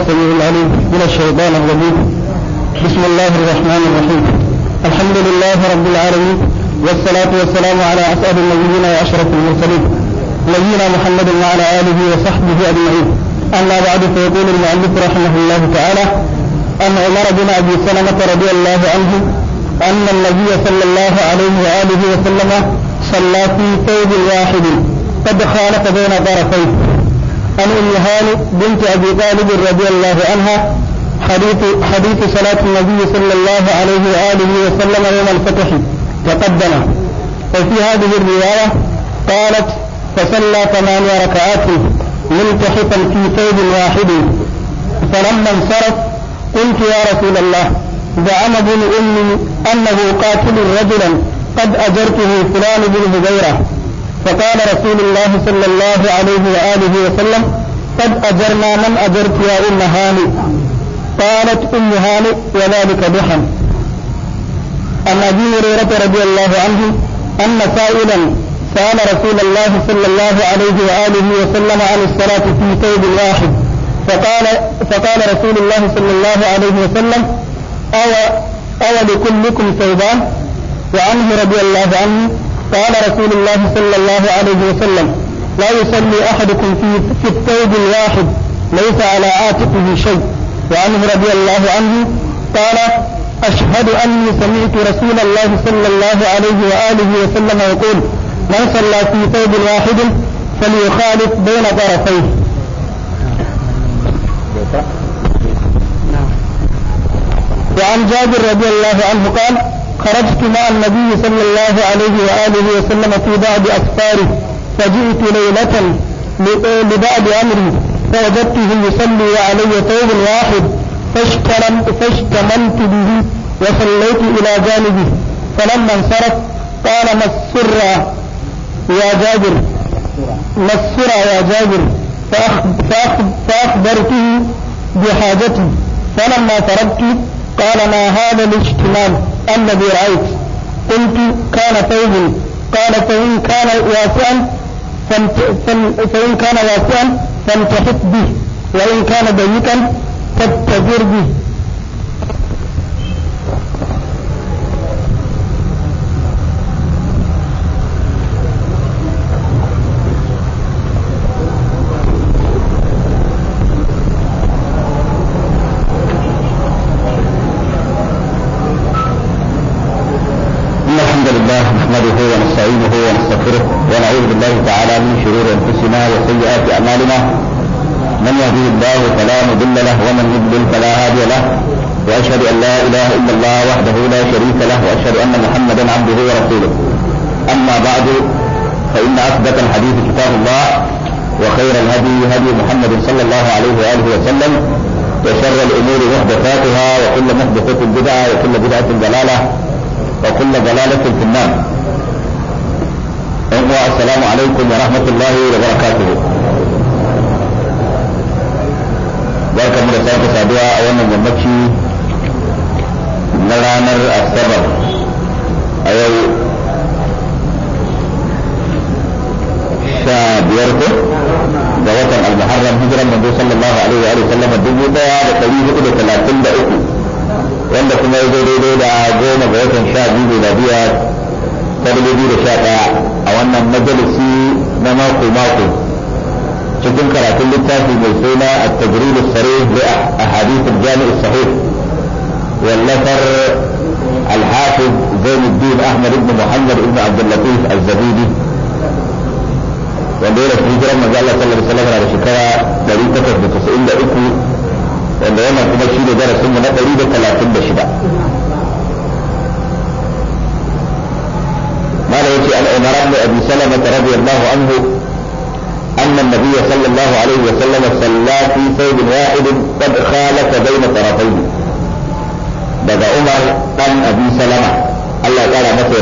السميع العليم من الشيطان الرجيم بسم الله الرحمن الرحيم الحمد لله رب العالمين والصلاة والسلام على أسعد النبيين وأشرف المرسلين نبينا محمد وعلى آله وصحبه أجمعين أما بعد فيقول المؤلف رحمه الله تعالى أن عمر بن أبي سلمة رضي الله عنه أن النبي صلى الله عليه وآله وسلم صلى في ثوب واحد قد خالف بين طرفيه عن ام هانئ بنت ابي طالب رضي الله عنها حديث حديث صلاة النبي صلى الله عليه واله وسلم يوم الفتح تقدم وفي هذه الرواية قالت فصلى ثمان ركعات ملتحقا في ثوب واحد فلما انصرف قلت يا رسول الله زعم ابن امي انه قاتل رجلا قد اجرته فلان بن هبيره فقال رسول الله صلى الله عليه وآله وسلم قد أجرنا من أجرت يا أم هاني قالت أم هاني وذلك ضحى عن أبي هريرة رضي الله عنه أن سائلا سأل رسول الله صلى الله عليه وآله وسلم عن الصلاة في ثوب واحد فقال فقال رسول الله صلى الله عليه وسلم أو أو لكلكم ثوبان وعنه رضي الله عنه قال رسول الله صلى الله عليه وسلم لا يصلي أحدكم في, في الثوب الواحد ليس على عاتقه شيء وعنه رضي الله عنه قال أشهد أني سمعت رسول الله صلى الله عليه وآله وسلم يقول من صلى في ثوب واحد فليخالف بين طرفيه وعن جابر رضي الله عنه قال خرجت مع النبي صلى الله عليه وآله وسلم في بعض أسفاره فجئت ليلة لبعض أمري فوجدته يصلي علي ثوب واحد فاشتمنت به وصليت إلى جانبه فلما انصرف قال ما السر يا جابر ما السر يا جابر فأخبرته بحاجتي فلما فرغت قال ما هذا الاجتمام الذي رأيت قلت كان ثوب قال فإن كان واسعا فإن كان واسعا فامتحت به وإن كان ضيقا فاتجر به الهدي هدي محمد صلى الله عليه واله وسلم وشر الامور محدثاتها وكل محدثة بدعة وكل بدعة ضلالة وكل ضلالة في النار. السلام عليكم ورحمة الله وبركاته. بارك الله فيك sake saduwa a wannan yammaci na ranar asabar ga watan al-muharram hijiran manzo sallallahu alaihi wa alihi sallam dubu daya da ɗari hudu da talatin da uku wanda kuma ya zo daidai da goma ga watan sha biyu da biya ta dubu biyu da sha ɗaya a wannan majalisi na mako mako cikin karatun littafi mai suna at-tajrid as-sarih li ahadith al-jami' as-sahih wallafar al-hafiz Zain الدين أحمد بن محمد بن عبد اللطيف الزبيدي wanda yana hijirar manzo Allah sallallahu alaihi wasallam a shekara 893 wanda yana kuma shi da darasin mu na 136 قال يأتي عن عمر بن أبي سلمة رضي الله عنه أن النبي صلى الله عليه وسلم صلى في ثوب واحد قد خالك بين طرفين بدأ عمر بن أبي سلمة الله تعالى ما في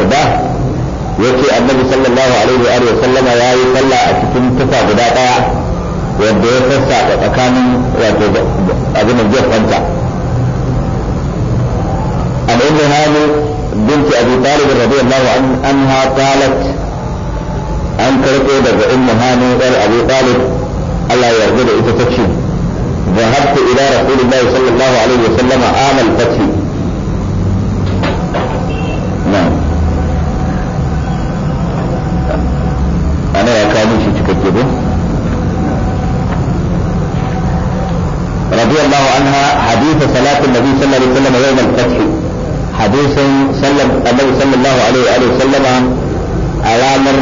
yake annabi sallallahu alaihi wa alihi sallama yayi sallah a cikin tufa guda daya wanda ya sassaka tsakanin wato abin da zai kwanta an ibn hanu bint abi talib radiyallahu anha qalat an karɓo daga ummu hanu ɗan abi talib Allah ya yarda da ita tace ذهبت إلى رسول الله صلى الله عليه وسلم عام الفتح به رضي الله عنها حديث صلاة النبي صلى الله عليه وسلم يوم الفتح حديث صلى النبي صلى الله عليه وآله وسلم أوامر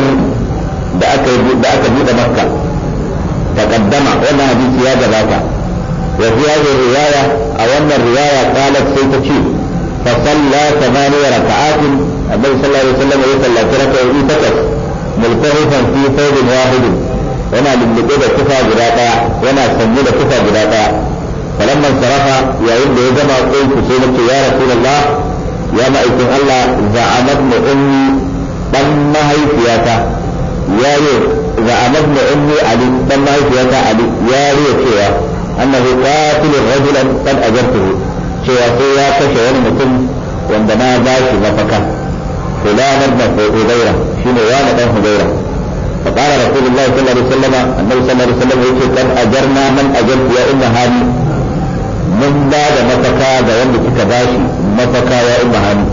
بأك بأك مكة تقدم وما حديث يا جباك وفي هذه الرواية أو أن الرواية قالت سيتشي فصلى ثمانية ركعات النبي صلى الله عليه وسلم يصلى ثلاثة وإيه تكس ملتهفا في ثوب واحد yana lullube da kufa guda daya yana sanye da kufa guda daya falamma sarafa yayin da ya gama ku sai nake ya rasulullah ya ma'aikin Allah za'amat mu ummi dan mahaifiyata ya yi za'amat mu ummi ali dan mahaifiyata ali ya cewa annahu qatil rajulan qad ajartuhu cewa sai ya kashe wani mutum wanda na ba shi mafaka fulanar da hudaira shine wani dan hudaira فقال رسول الله صلى الله عليه وسلم النبي صلى الله عليه وسلم يقول قد اجرنا من اجرت يا ام هاني من بعد مفكا ده wanda kika يا أم هاني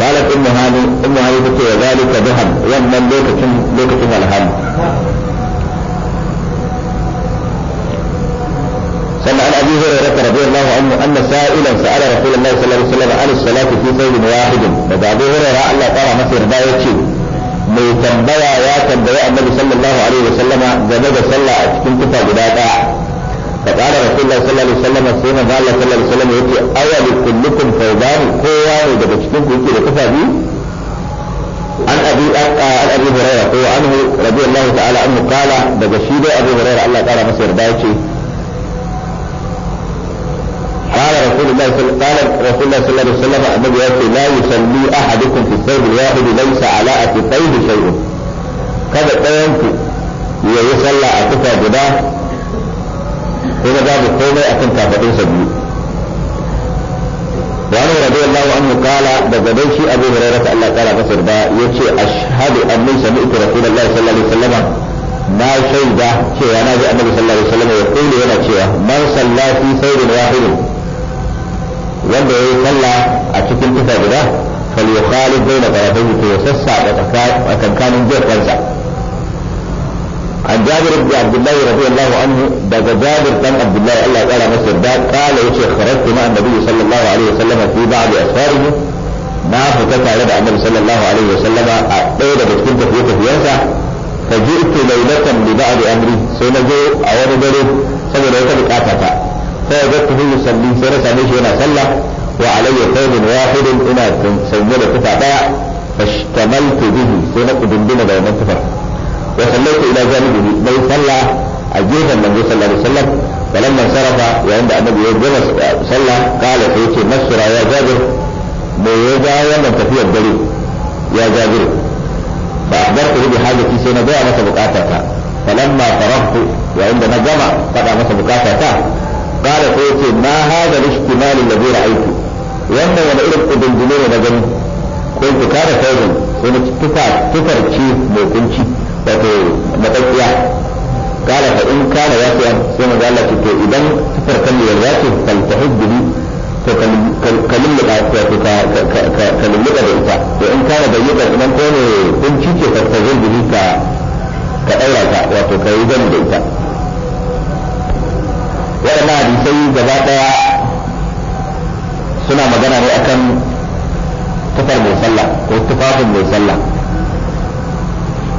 قالت ام هاني ام هاني تقول وذلك ذهب wannan lokacin lokacin alhali سمع عن ابي هريره رضي الله عنه ان سائلا سال رسول الله صلى الله عليه وسلم عن الصلاه في صيد واحد فابو هريره الله تعالى مسير ذا mai tambaya ya tambayi annabi sallallahu alaihi wasallama game da sallah a cikin tufa guda daya فقال رسول الله صلى الله عليه وسلم سيما قال الله صلى الله عليه وسلم يقول أول كلكم فوضان قوة إذا بشتم كنت لكفى بي عن أبي عن أبي هريرة وعنه رضي الله تعالى عنه قال بجشيد أبي هريرة الله تعالى مسير بايتي قال رسول الله صلى الله عليه وسلم النبي يقول لا يصلي احدكم في الثوب الواحد ليس على اكفيه شيء كذا قيمت ويصلى اكفى جدا هنا باب الثوب اكن كافتين سبيل وعن رضي الله عنه قال بجدوش ابو هريرة الله قال بصر با يوشي اشهد اني سمعت رسول الله صلى الله عليه وسلم ما شيء ده شيء انا جاء النبي صلى الله عليه وسلم يقول لي انا شيء من صلى في ثوب واحد wanda ya yi sallah a cikin tufa guda falyukhalid bayna qarafayhi to ya sassaɓa tsakankanin jefansa عن جابر بن عبد الله رضي الله عنه بعد جابر بن عبد الله الله تعالى مصر قال يا خرجت مع النبي صلى الله عليه وسلم في بعض اسفاره ما فتت على النبي صلى الله عليه وسلم ايه ده بتكون تفوت في يسع فجئت ليلة لبعض امري سيما او رجل دلو سبب ليلة بقاتتا في يصلي سنة سامي هنا صلى وعلي ثوب واحد إلى سيدنا باع فاشتملت به سنة دندنة بين تفر وصليت إلى جانبه بي صلى عجيبا النبي صلى الله عليه وسلم فلما انصرف وعند النبي جلس صلى قال سيدي نصر يا جابر ميجا ومن تفي الدليل يا جابر فأخبرته بحاجتي سنة بيع مسا بقاتك فلما فرغت وعندما جمع قطع مثل بقاتك قال فيتي ما هذا الاشتمال الذي رأيته وأن ولا إرق بالجنون نجم قلت كان فوضا سنة تفر تفر شيء موكنشي wato matsakiya kala fa in kana ya ce sai maza Allah ce to idan sifar kalliyar ya ce faltahid bihi to kalin ta to da ita in da ka ka ta wato kai zan da ita waɗannan hadisai gaba ɗaya suna magana ne akan tufar mai sallah ko tufafin mai sallah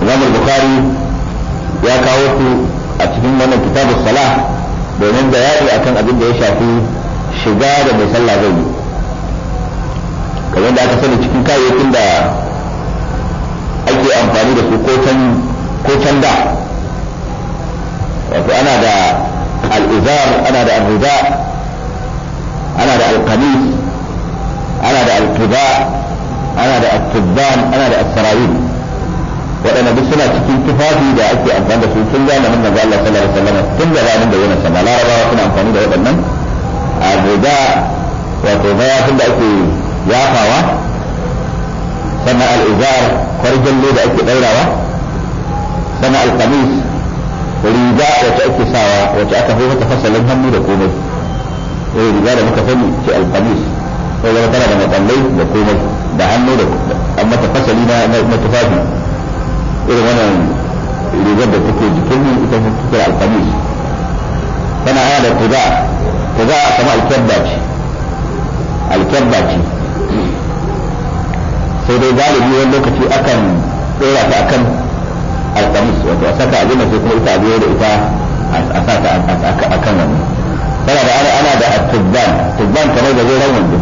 imam bukari ya kawo ku a cikin wannan kitabus salah domin bayani akan abin da ya shafi shiga da mai sallah zai yi kamar da aka sani cikin kayayyakin da ake amfani da su ko can da wato ana da الإزار أنا ذا الرداء أنا ذا القميص أنا ذا القباء أنا ذا التبان أنا ذا السرايين وأنا بسنا تكون تفاتي إذا أتي أنفان ذا سوى كل يوم من الله صلى الله عليه وسلم كل يوم من ذا ينسى ما لا ربا وكنا أنفاني ذا يبنن الرداء وتضاء كل أتي يافا و سنا الإزار خرج الليل أتي غيرا و سنا القميص riga wata ake sawa wata aka fi mata fasalin hannu da komai eh riga da muka sani ce alqamis ko zama tana da matsalai da komai da hannu da an mata fasali na na tufafi irin wannan rigar da take jikin mu ita take alqamis tana aya da tuda tuda kamar alkabba ce alkabba ce sai dai galibi wani lokaci akan ɗora ta akan alkamus wato a saka abin da sai kuma ita a biyo da ita a saka a kan wannan tana da ana ana da tubban tubban kamar da zoron wando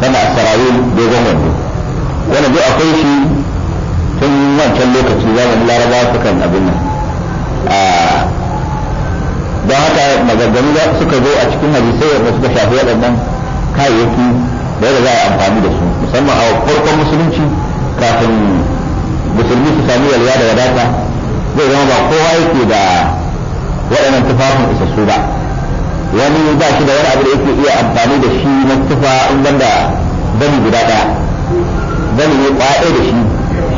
sannan asarawi dogon wando wannan duk akwai shi tun wancan lokaci zamanin larabawa kan abin nan don haka maganganu suka zo a cikin hadisai wanda suka shafi waɗannan kayayyaki da yadda za a amfani da su musamman a farkon musulunci kafin musulmi su sami yalwa da wadata zai zama ba kowa yake da waɗannan tufafin isassu ba wani ba shi da wani abu da yake iya amfani da shi na tufa in banda bani guda ɗaya bani ne kwaɗe da shi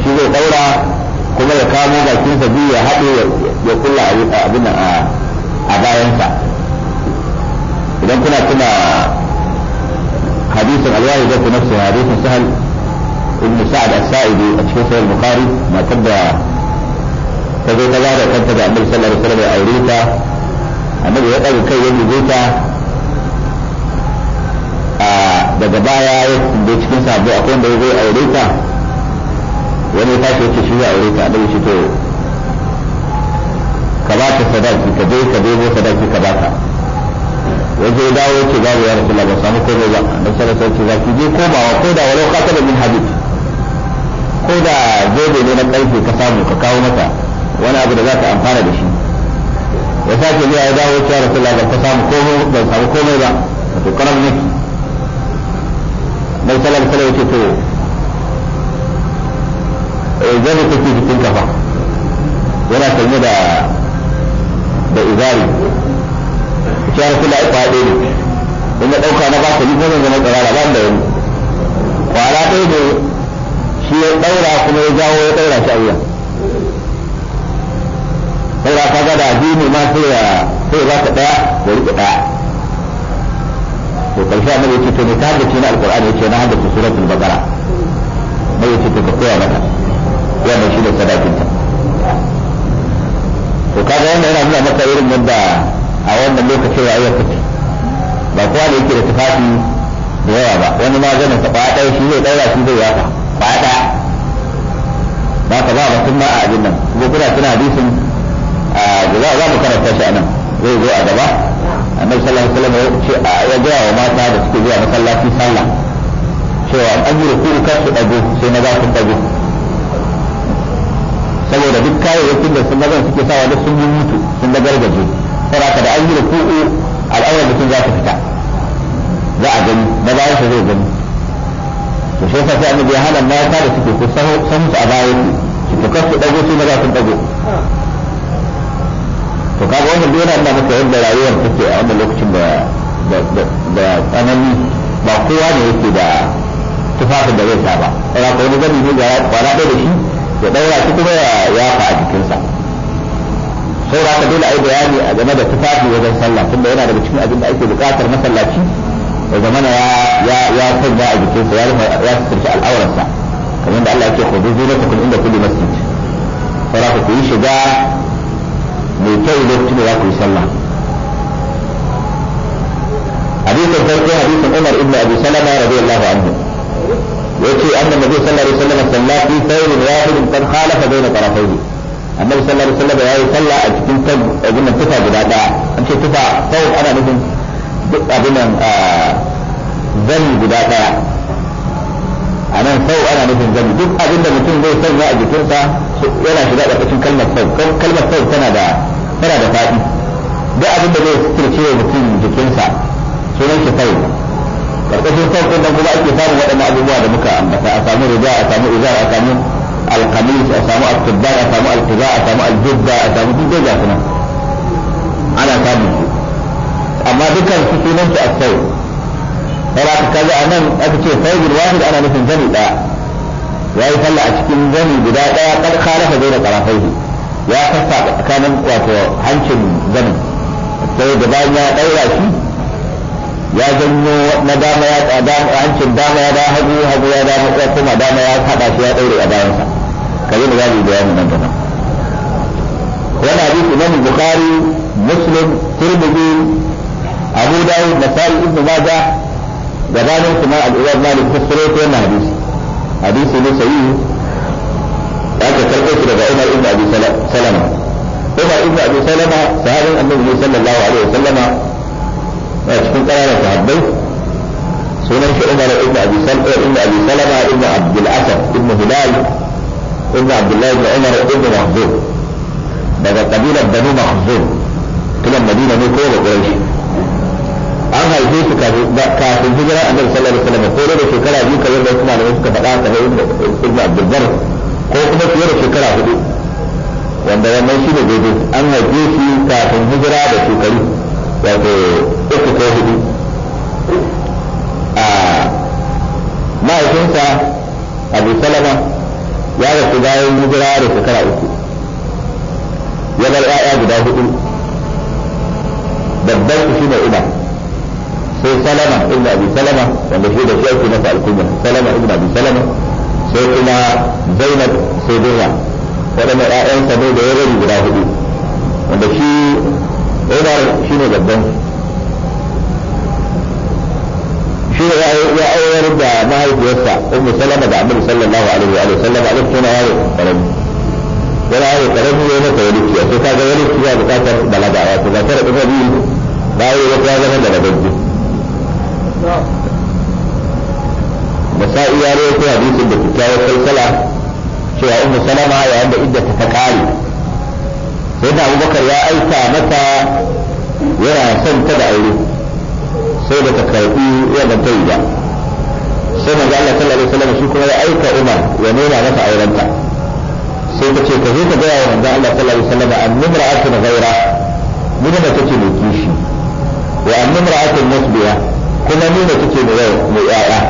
shi zai ɗaura kuma ya kamo bakinsa biyu ya haɗe ya kulla abin a bayansa idan kuna tuna hadisin alwahi da ku nafsu hadisin sahal ibn sa'ad as-sa'idi a cikin sahih bukhari matar da ta zo ta ba kanta da annabi sallallahu alaihi wasallam ya aure ya ɗaga kai ta daga baya ya da cikin sabo akwai da ya aure ta wani ta ce ce shi ya aure ta annabi shi to ka ba ta sadaki ka je ka debo sadaki ka ba ta wajen ya dawo ce babu ya rasu labar samu komai ba annabi sallallahu alaihi ce za ki je komawa ko da walau ka ta da min hadith ko da zobe ne na karfe ka samu ka kawo mata wani abu da za ta amfana da shi ya sake zuwa ya dawo cewa rasulullah ban ka samu komai ban samu komai ba wato karam niki mai salam salam ce to eh, zai take jikin ka fa yana sanye da da izari cewa rasulullah ya haɗe ne in ɗauka na ba ka yi ko zan zama tsarara ba da yanzu kwara ɗaya ne shi ya daura kuma ya jawo ya daura shi ayya daura ka ga da addini ma sai ya sai za ka daya da riƙe daya to karshe annabi yace to ne ka da cikin alqur'ani yace na hadda suratul baqara mai yace to ka koya maka wannan shi da sadakin ta to kaga wannan yana nuna maka irin yadda a wannan lokacin rayuwar take ba kowa da yake da tufafi da yawa ba wani ma zanin sa ba ɗaya shi zai ɗaura shi zai yaka. ba ɗaya ba ka ba mutum ba a abin nan ko kuna suna hadisin a za mu karanta shi a nan zai zo a gaba annabi sallallahu alaihi wasallam ya ga wa mata da suke zuwa masallaci sallah cewa an yi ruku ka su dago sai maza su dago saboda duk kayayyakin da sun maza suke sawa da sun mutu sun da gargaje saboda da an yi ruku al'aurar mutum za ta fita za a gani maza su zai gani to shi yasa sai annabi ya hana mata da suke ko san su a baya su to kar su dago su maza sun dago to kaga wannan dole Allah maka yadda rayuwar take a wannan lokacin da da tsanani ba kowa ne yake da tufafin da zai sa ba ina ko wani gani ne ga kwana ɗaya da shi ya daura shi kuma ya yafa a jikinsa sai da dole a yi bayani a game da tufafi wajen sallah tunda yana daga cikin abin da ake buƙatar masallaci وزمان يا يا يا بقى أجتوس يا يا سترش الأول الساعة كمان الله يكي خذوا زينتكم عند كل مسجد فراك كوي شجاع ميتين لوكتين راكو يسلم حديث الفرق حديث عمر ابن أبي سلمة رضي الله عنه يأتي أن النبي صلى الله عليه وسلم صلى في ثور واحد قد خالف بين طرفيه النبي صلى الله عليه وسلم يقول صلى أجتن تب أجتن تفا جدا أنت تفا ثور أنا نجم duk abin abinan zan guda daya a nan sau ana nufin zani duk abin da mutum zai sanya a jikinsa yana shiga da ƙarƙashin kalmar sau kalmar sau tana da tana da faɗi duk abin da zai suturce wa mutum jikinsa sunan shi sau ƙarƙashin sau ɗin kuma ake samun waɗannan abubuwa da muka ambata a samu riga a samu izar a samu alkamis a samu alkubbar a samu alkuza a samu aljubba a samu duk dai ga ana samun su amma dukkan su sunan su asau kara ka kaga a nan aka ce saujin wahid ana nufin zani da. ya yi sallah a cikin zani guda ɗaya kar khalafa zai da karafaihi ya kasa tsakanin wato hancin zanin sai da bayan ya ɗaura shi ya janyo na dama ya hancin dama ya da hagu hagu ya da hagu kuma dama ya haɗa shi ya daure a bayansa kaje da zamu bayani nan gaba wannan hadisi Imam Bukhari Muslim Tirmidhi أبو داود نسائي ابن ماجة جبان كما الإمام مالك في الصلاة وما حديث حديث ابن سيئ لكن تلقيت لك عمر ابن أبي سلمة عمر ابن أبي سلمة سهل النبي صلى الله عليه وسلم أشكون قال أنا تحبيت سنة عمر ابن أبي سلمة ابن أبي سلمة ابن عبد الأسد ابن هلال ابن عبد الله ابن عمر ابن محظوظ بدأ قبيلة بنو محظوظ كلا مدينة نيكولا قريش an haife su kafin hijirar annabi sallallahu alaihi wasallam ko da shekara biyu kamar da kuma da suka faɗa kamar yadda ibn abdulbar ko kuma fiye da shekara hudu wanda wannan shi ne daidai an haife shi kafin hijira da shekaru wato uku ko hudu a mahaifinsa abu salama ya rasu bayan hijira da shekara uku ya bar 'ya'ya guda hudu babban shi ne umar sai salama ibn abi salama wanda shi da shi masa alkunya salama ibn abi salama sai kuma zainab sai durra waɗanda ƴaƴansa ne da ya rabu guda hudu wanda shi umar shi ne babban shi ne ya auyar da mahaifiyarsa ummu salama da annabi sallallahu alaihi wa sallam a lokacin ya yi karami yana yi karami ne masa waliki a sai ta ga waliki ya bukatar balaga wato ba ta da biyu ba ya ta wata zama da rababbi da sa'i ya rai ko hadisin da kyakkyawar kalkala cewa ummu salama yayin da idda ta kare sai da abubakar ya aika mata yana son ta da aure sai da ta karbi yana ta yi ba sai manzo Allah sallallahu alaihi wasallam shi kuma ya aika Umar ya nuna mata aurenta sai ta ce ka zo ka gaya wa manzo Allah sallallahu alaihi wasallam annimra'atu ghaira mun da take mai kishi wa annimra'atu musbiya. kuma nuna kike mai yau mai yaya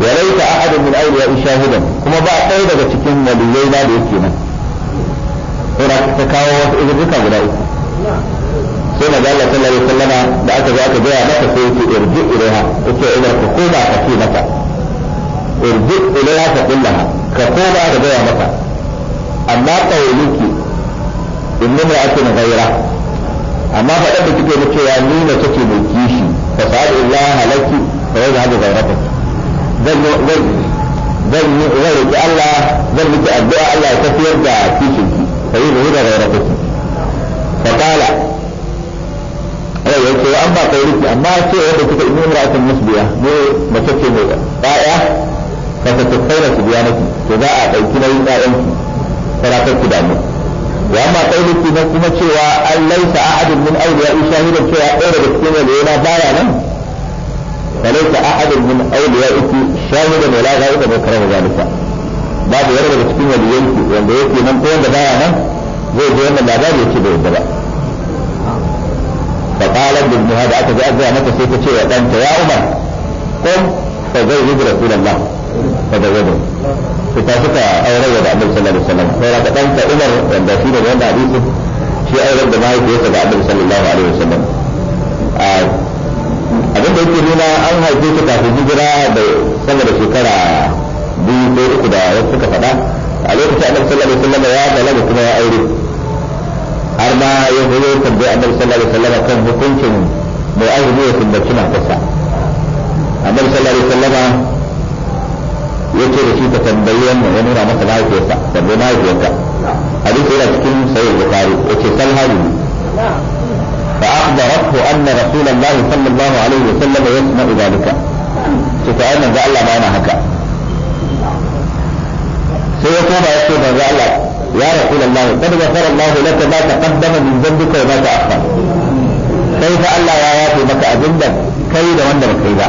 wa laita ahadin min awliya shahidan kuma ba ɗaya daga cikin waliyai da yake nan ina ta kawo wasu izurruka guda uku sai na Allah sallallahu alaihi wasallama da aka zo aka gaya maka sai yake irji ilaiha yace ina ka koma ka ce mata irji ilaiha ka kullaha ka koma ka gaya mata amma nuna ake na gaira amma faɗa da kike na cewa ni na kake mai kishi فسأل الله لك فوجد هذه غيرتك بل بل بل غيرك الله بل بك الدعاء الله كثير دعاء في شيء فوجد هذه غيرتك فقال ايوه يا ابا قيرك اما شيء هو بك ابن امرأة مسبية مو مسكين هو رائعة فستتخيل سبيانك فذا اعطيتنا يبقى انت فلا تكتب عنه واما قولك نكما سوى ان ليس احد من اولياء شاهد سوى اولى السنة لنا بايا لم فليس احد من اوليائك شاهدا ولا غائبا يكره ذلك بعد يرد السنة لينك وانده يكي من قوة بايا لم زي جوانا العذاب يكي بيضا فقال ابن هذا اتجاه زي ما تسيت سوى انت يا عمر قم fa zai yi rasulullah fa da wadu su suka aure da annabi sallallahu alaihi wasallam ka danta Umar wanda shi da wanda hadisi shi aure da abin da yake nuna an haife su kafin hijira da sama da shekara biyu ko uku da wasu suka faɗa a lokacin annabi sallallahu alaihi wasallam ya balaga kuma ya aure har ma ya zo tambayi annabi sallallahu alaihi wasallam kan hukuncin mai azumi ya tumbaci matarsa annabi sallallahu alaihi wasallama yake da shi ka tambayi wannan ya nuna maka mahaifiyarsa tambayi mahaifiyarka hadisi yana cikin sahih bukhari yace sal hali fa akhbarahu anna rasulullah sallallahu alaihi wasallam yasma'u dhalika to ta annabi da Allah ma yana haka sai ya koma ya ce ban ga Allah يا رسول الله قد غفر الله لك ما تقدم من ذنبك وما تأخر كيف ألا يا ياتي بك أجندك كيد وندمك إذا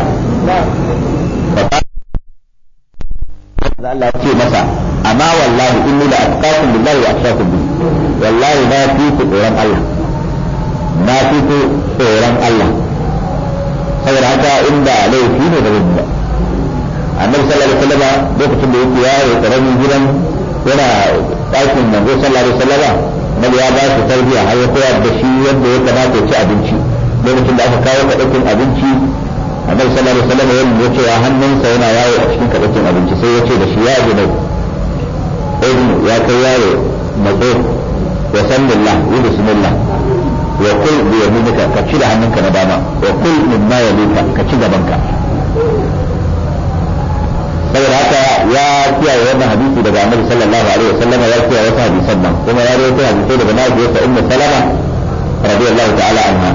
da Allah ce masa amma wallahi inni la atqakum billahi wa akhshakum bi wallahi na fi ku tsoron Allah na fi ku tsoron Allah saboda haka inda laifi ne da ba annabi sallallahu alaihi wasallam lokacin da yake yawo karamin gidan yana ɗakin manzo sallallahu alaihi wasallam mal ya ba shi tarbiyya har ya koyar da shi yadda ya kamata ya ci abinci lokacin da aka kawo ka ɗaukin abinci annabi sallallahu alaihi wasallam ya ce ya hannunsa yana yawo a cikin kabatin abinci sai ya da shi ya gina ibnu ya kai yawo mazo wa sallallahu wa bismillah wa kul bi yaminika ka ci da hannunka na dama wa kul mimma yalika ka ci gabanka saboda haka ya kiyaye wannan hadisi daga annabi sallallahu alaihi wasallam ya kiyaye wasu hadisan nan kuma ya rawaito hadisai daga nabiyyi sa ummu salama radiyallahu ta'ala anha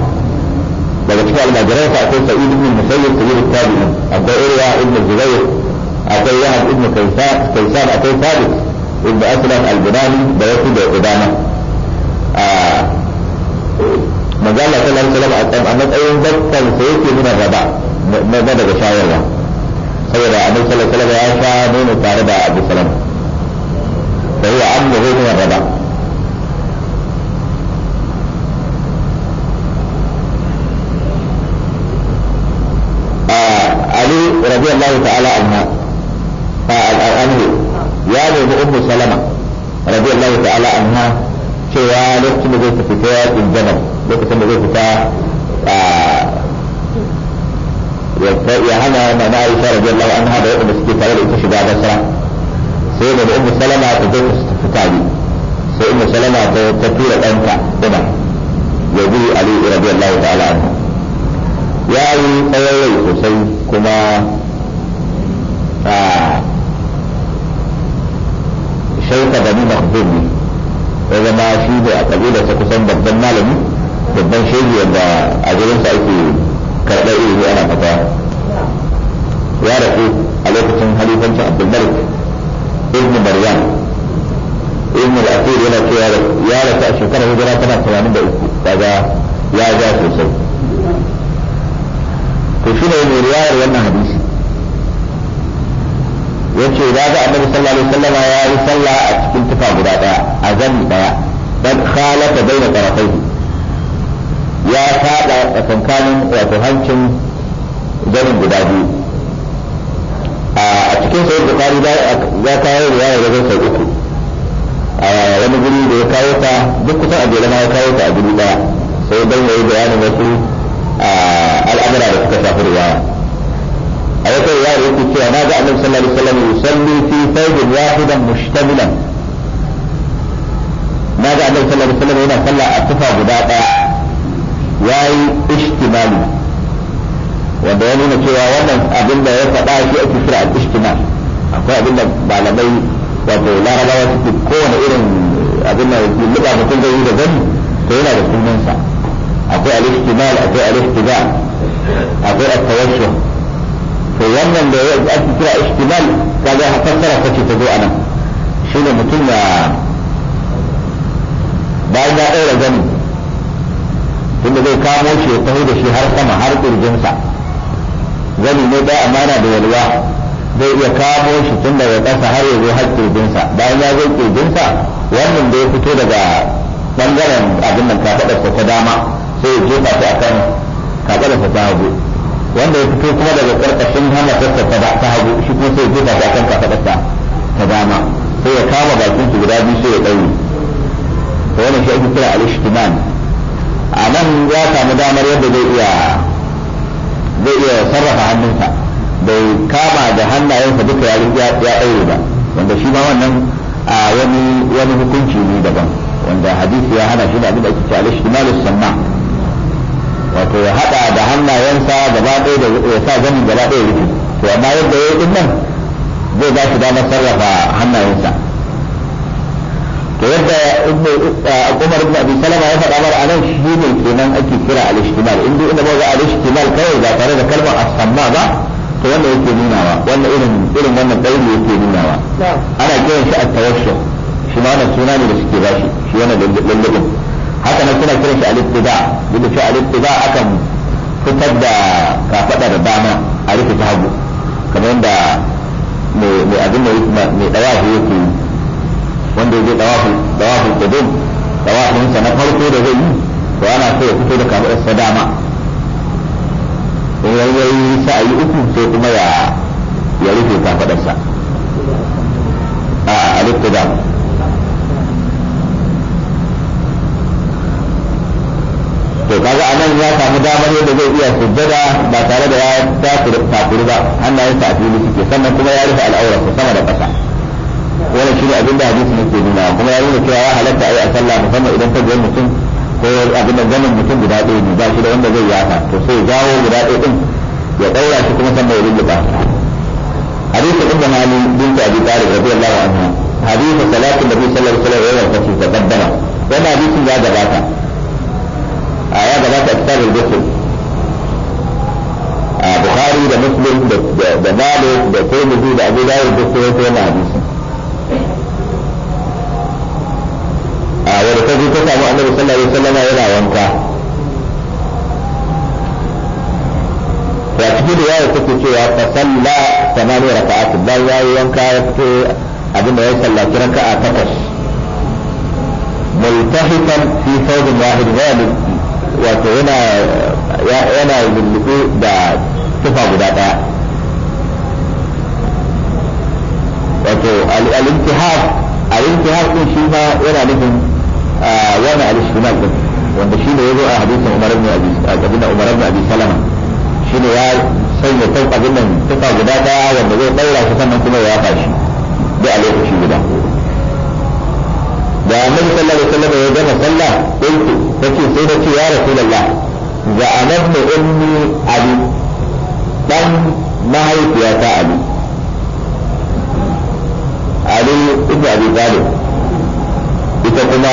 daga cikin almajirai ta akwai sa'id ibn musayyib sayyid tabi'in akwai irwa ibn zubair akwai yahab ibn kaysan kaysan akwai sabit ibn aslam al-bunani da wasu da udama magana sallallahu alaihi wasallam a matsayin bakkan sa yake nuna raba na daga shayarwa saboda annabi sallallahu alaihi wasallam ya sha nono tare da abu salam fa huwa amru min raba radiyallahu ta'ala anha anhu ya nemi ummu salama radiyallahu ta'ala anha cewa lokacin da zai fita yakin jamal lokacin da zai fita ya hana na na aisha radiyallahu anha da waɗanda suke tare da ita shiga basra sai da ummu salama ta zo ta fita ne sai ummu salama ta tura ɗanta dana ya ya yi tsawon sosai kuma shauka da nuna ne ya zama shi ne a kabilarsa kusan babban malami babban shehi wanda a gurinsa ake karɓar ilimi ana fata ya rasu a lokacin halifancin abdulmalik ibn maryam ibn al-asir yana cewa ya rasu a shekarar hijira tana 83 kaga ya ja sosai to shi ne mai riwayar wannan hadisi yace da ga annabi sallallahu alaihi wasallam ya yi sallah a cikin tufa guda daya a zani daya dan khalata baina tarafaihi ya fada tsakankanin wato hancin zanin guda biyu a cikin sahih bukhari da ya kawo riwaya da zai uku a wani guri da ya kawo ta duk kusan a jere ma ya kawo ta a guri daya sai dan yayi bayanin wasu al'amura da suka shafi riwaya a wata riwaya yake cewa na ga annabi sallallahu alaihi wasallam yusalli fi thawbin wahidan mushtamilan na ga annabi sallallahu alaihi wasallam yana sallah a tufa guda daya yayi ishtimali wanda ya nuna cewa wannan abin da ya faɗa shi ake kira al-ishtimal akwai abin da malamai wato larabawa suke kowane irin abin da ya mutum zai yi da gani to yana da sunansa أداء الاحتمال أداء الاهتداء أداء التوجه في يوم من الأيام أكثر احتمال قال لها فسر فتتدو أنا شنو مثلنا بعد أول جنب ثم ذي كامو شيء تهيد شيء هرسا مهارك الجنسة زني نبا أمانا بولوا ذي إيا كامو شيء ثم ذي تسا هر الجنسة بعد ذي الجنسة ومن ذي فتو لغا بنجرن أبنا كافتا فتداما sai ya jefa ta akan kakararsa ta hagu wanda ya fito kuma daga karkashin hamatarsa ta hagu shi kuma sai ya jefa ta akan kakararsa ta dama sai ya kama bakin su guda biyu sai ya ɗaure wannan shi ake kira al-ishtiman a nan ya samu damar yadda zai iya zai iya sarrafa hannunsa bai kama da hannayensa duka ya ya ɗaure ba wanda shi ba wannan a wani wani hukunci ne daban wanda hadisi ya hana shi da abin da ake cewa al-ishtimal as wato ya hada da hannayensa gaba ɗaya da ya sa zanin gaba ɗaya rufe to amma yadda ya yi nan zai ba shi damar sarrafa hannayensa to yadda ibnu eh, Umar ibn Abi Salama ya faɗa mana anan shi ne kenan ake kira al-ishtimal in duk inda ba ga al-ishtimal kawai ba tare da kalmar as-samma ba to wanda yake nunawa wanda irin irin wannan dalili yake nunawa ana kiran shi at-tawassul shi ma wannan suna ne da suke bashi shi wannan lallabin haka nan suna kiran shi al-ibtida duk da al-ibtida akan fitar da kafadar dama a rufe ta hagu kamar yadda mai abin da mai dawahu yake yi wanda yake dawahu dawahu qudum dawahun sa na farko da zai yi to ana so ya fito da kafadar sa dama in yayi sa'ayi uku sai kuma ya ya rufe kafadar sa a al-ibtida to kaga anan ya samu damar yadda zai iya sujjada ba tare da ya takuri takuri ba hannayensa a fili suke sannan kuma ya rufe al'aura su sama da ƙasa wani shi ne abin da hadisin yake nuna kuma ya nuna cewa ya halatta ai a sallah musamman idan ta biyar mutum ko abin da ganin mutum guda ɗaya ne ba shi da wanda zai yafa to sai jawo guda ɗaya ɗin ya ɗaura shi kuma sannan ya rubuta hadisin ibn Ali bin Abi Talib radiyallahu anhu hadisin salatin nabi sallallahu alaihi wasallam ya tabbata wannan hadisin ya gabata هذا ما تكتب البخاري آه، بخاري ده مسلم ده مالك ده تلمذي ده ابو داود ده سويت ولا حديث تسعى آه، النبي صلى الله عليه وسلم يلا وانكا فأكيد يا يتكي فصلى ثماني ركعات الله يا يوانكا يكتو أبن رئيس الله كرنكا أتكش ملتحقا في فوز واحد غالب wato yana yana da tufa guda ɗaya wato al'intihar al'intihar ɗin shi ma yana nufin wani al ɗin wanda shi ne ya zo a hadisin Umar ibn Abi Salama shi ne ya sanya tufa abin tufa guda ɗaya wanda zai ɗaura shi sannan kuma ya fashi da a lokaci guda da annabi sallallahu alaihi wasallam ya gama sallah kuntu kace sai da ce ya rasulullah da annabi ummi ali dan mahaifiyata ali ali ibn abi talib ita kuma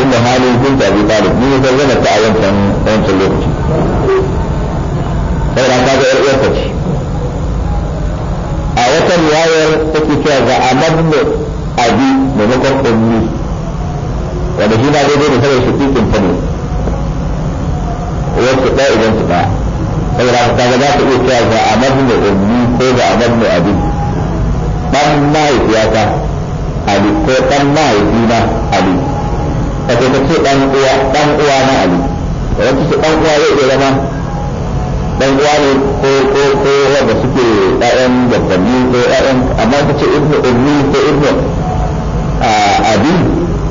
ummu hali binta abi talib ni ne zama ta ayyan dan dan lokaci sai da ka ga yar uwarta ce a wata riwayar take cewa ga annabi abi da makon ummi wanda shi na daidai da sai shi cikin ta ne wasu ɗaya idan su ɗaya saboda haka kaga za ka iya cewa ga amar da ummi ko ga amar ne abin ɗan mahaifiyata ali ko ɗan mahaifina ali ka ce ka ce ɗan uwa ɗan uwa na ali wanda ce ɗan uwa zai iya zama dan uwa ne ko ko ko wanda suke ɗayan babbanni ko ɗayan amma ka ce ibnu ummi ko ibnu abin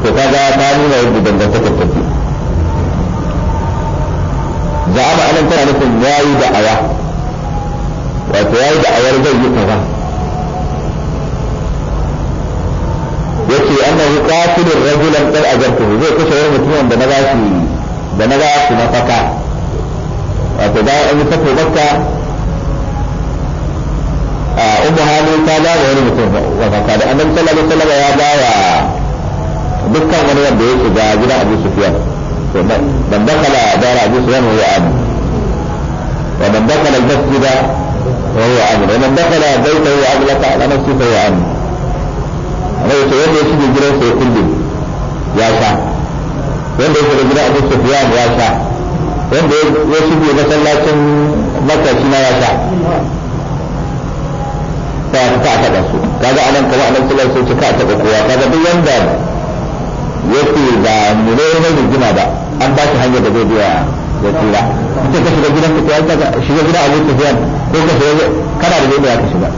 to kaga ta nuna yadda dangantakar take za'ama anan tana nufin yayi da'awa wato yayi da'awar zai yi kaza yace annahu qatilur rajulan qad ajartuhu zai kashe wani mutumin da na ba shi da na ba shi mafaka wato bayan an yi fata bakka umu hali ta ba da wani mutum wafaka da annan talaba talaba ya ba wa dukkan wani wanda ya shiga gidan abu sufiyan to dan dakala dara abu sufiyan wa amin wa dan dakala masjida wa huwa amin wa dan dakala baita wa amin laka ala nafsi ta yi amin amma yace wanda ya shiga gidan sai kullum ya sha wanda ya shiga gidan abu sufiyan ya sha wanda ya shiga masallacin makka shi ya sha kaga anan kuma anan kula sai ta ka ta kowa kaga duk wanda yake da mure ne na rigima ba an ba shi hanyar da zai biya ya tura ita ka shiga gidan ka ta ka shiga gidan abu ta fiyan ko ka shiga kana da ya ka shiga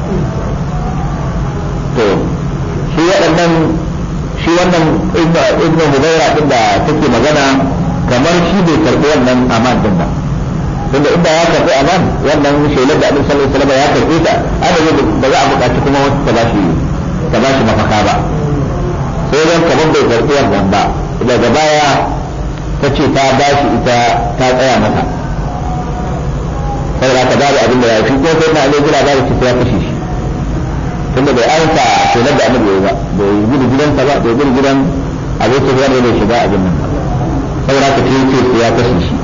to shi waɗannan shi wannan ibnu mubarak din da take magana kamar shi bai karɓi wannan aman din ba tunda inda ya karbi a nan wannan shelar da abin sallallahu alaihi ya karbi ta ana yi za a buƙaci kuma wata ta bashi ta bashi mafaka ba sai dan kaman bai karbi wannan ba daga baya ta ce ta bashi ita ta tsaya mata saboda ka gane abin da ya fi ko sai na alai jira ba da ta ya kashe shi tunda bai aika shelar da annabi ba bai gudu gidansa ba bai gudu gidan abin da ya shiga abin nan saboda ka ce ya kashe shi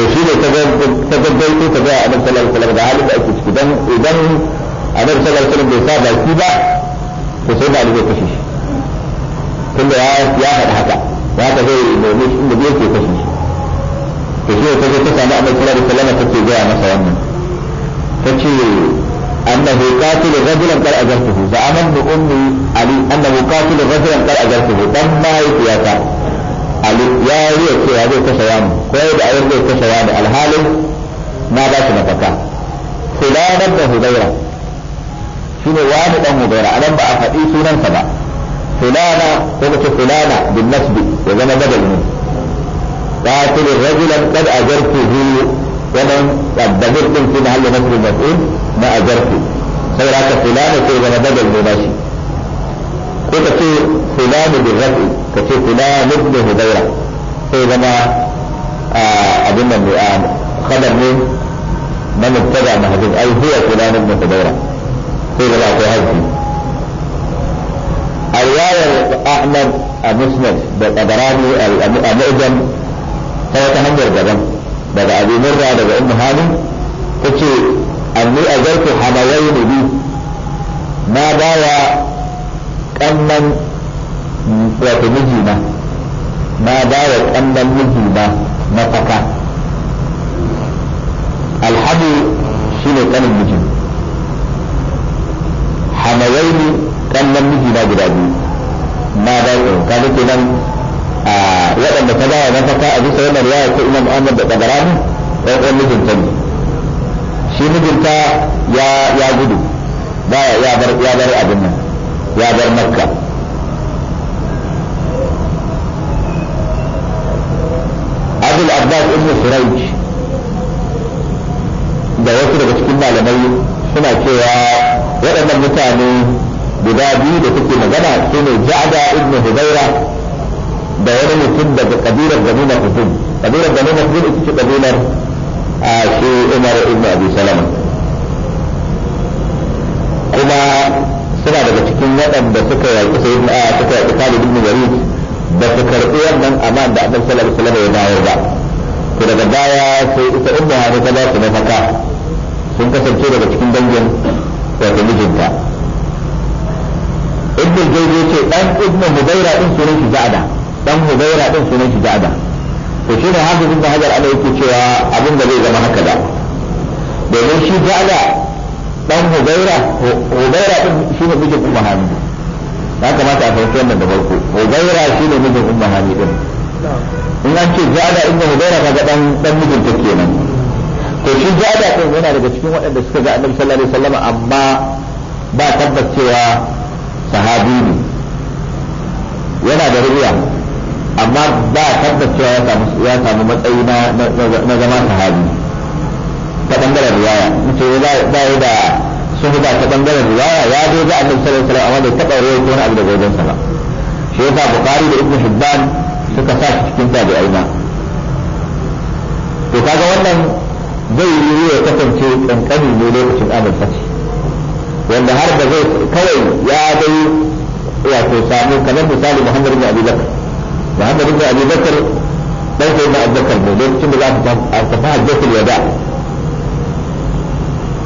to shi ne ta gaggai ko ta gaya a nan alaihi wasallam da halin da ake ciki idan a nan alaihi wasallam bai sa baki ba ko sai ba zai kashe shi tunda ya ya faɗa haka ya ka zai nemi inda zai ke kashe shi to shi ne ta ta samu nan sallallahu alaihi wasallam take gaya masa wannan tace أنه قاتل رجلا قد أجرته زعما أمي علي أنه قاتل رجلا قد أجرته دم ما يتياتا ali ya yi ya ce ya zai kashe yamu ko ya da ayyar zai kashe yamu alhalin na ba shi mafaka fulanar da hudaira shi ne wani dan hudaira anan ba a faɗi sunansa ba fulana ko kace fulana bin nasbi ya zama badal ne قاتل رجلا قد أجرته ومن أبدلتم في محل نصر المسؤول ما أجرته سيرات فلان سيدنا بدل مناشي sai ka ce fulani bin rafi ka ce fulani bin hudaira sai zama abin nan ne kadar ne man tada mahajin ai huwa fulani bin hudaira sai zama akwai hajji الرواية أحمد المسند بالطبراني المعجم هو تهجر جبل بدأ أبي مرة بدأ أم هاني تشي أني أجرت حموين بي ما بايا kannan wato miji na na ba wa ƙannan miji na mafaka alhadu shi ne kanin miji hamayaini ƙannan miji na guda biyu na ba wa ke nan a waɗanda ta ba wa mafaka a bisa wannan riwaya ko imam Ahmad da Tabarani ɗan mijin mijinta ne shi mijinta ya gudu ba ya bar abin nan ya bar makka abul abbas ibn suraj da wasu daga cikin malamai suna cewa waɗannan mutane guda biyu da suke magana su ne ja'ada ibn hudaira da wani mutum daga kabilar ganuna hudun kabilar ganuna hudun ita ce kabilar a shi umar ibn abi salama kuma suna daga cikin waɗanda suka yaƙi sai na suka yaƙi Khalid ibn Walid ba su karɓi wannan aman da Annabi sallallahu alaihi wasallam ya bayar ba to daga baya sai ita ummu hanu ta ba su mafaka sun kasance daga cikin dangin wato mijinta ibn Jawzi ya ce dan ibn Hubaira din sunan shi Ja'da dan Hubaira din sunan shi za'ada to shi ne hafizin da Hajar Allah yake cewa abin da zai zama haka da domin shi za'ada. dan hubaira hubaira shi shine mijin umma hamid ya kamata a farko wannan da farko hubaira shine mijin umma hamid din in an ce jada inda hubaira ga dan dan mijin ta kenan to shi jada din yana daga cikin waɗanda suka ga annabi sallallahu alaihi wasallam amma ba tabbas cewa sahabi ne yana da rubiya amma ba tabbas cewa ya samu matsayi na zama sahabi ta bangaren riwaya mutum ya ba ya da suhuba ta bangaren riwaya ya zo ga annabi sallallahu alaihi wasallam amma bai taɓa riwaya ko wani abu daga sa ba shi yasa bukhari da ibnu hibban suka sa shi cikin tabi'ai ma to kaga wannan zai yi ya kasance kankani ne lokacin amal fati wanda har da zai kawai ya dai wato samu kamar misali muhammad bin abi bakar muhammad bin abi bakar dan sai da abubakar ne lokacin da za ta fa hajjatul wada'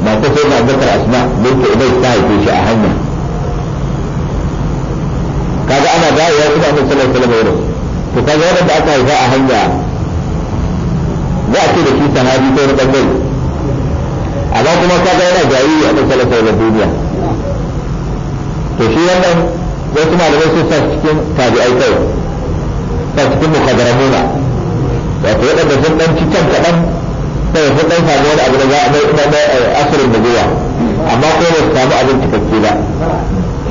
ba ta sai na bakar asma binta ubay ta haife shi a hanya kaga ana dawowa kuma annabi sallallahu alaihi wasallam ya to kaga wanda aka haifa a hanya za a ce da shi sahabi ko na bangare amma kuma kaga yana jariri a annabi sallallahu alaihi duniya to shi wannan wasu malamai sun sa cikin tabi'ai kai sa cikin mukadaramuna wato waɗanda sun ɗan ci can kaɗan da ya dan samu wani abu da za a da asirin da zuwa amma ko ba su samu abin cikakke ba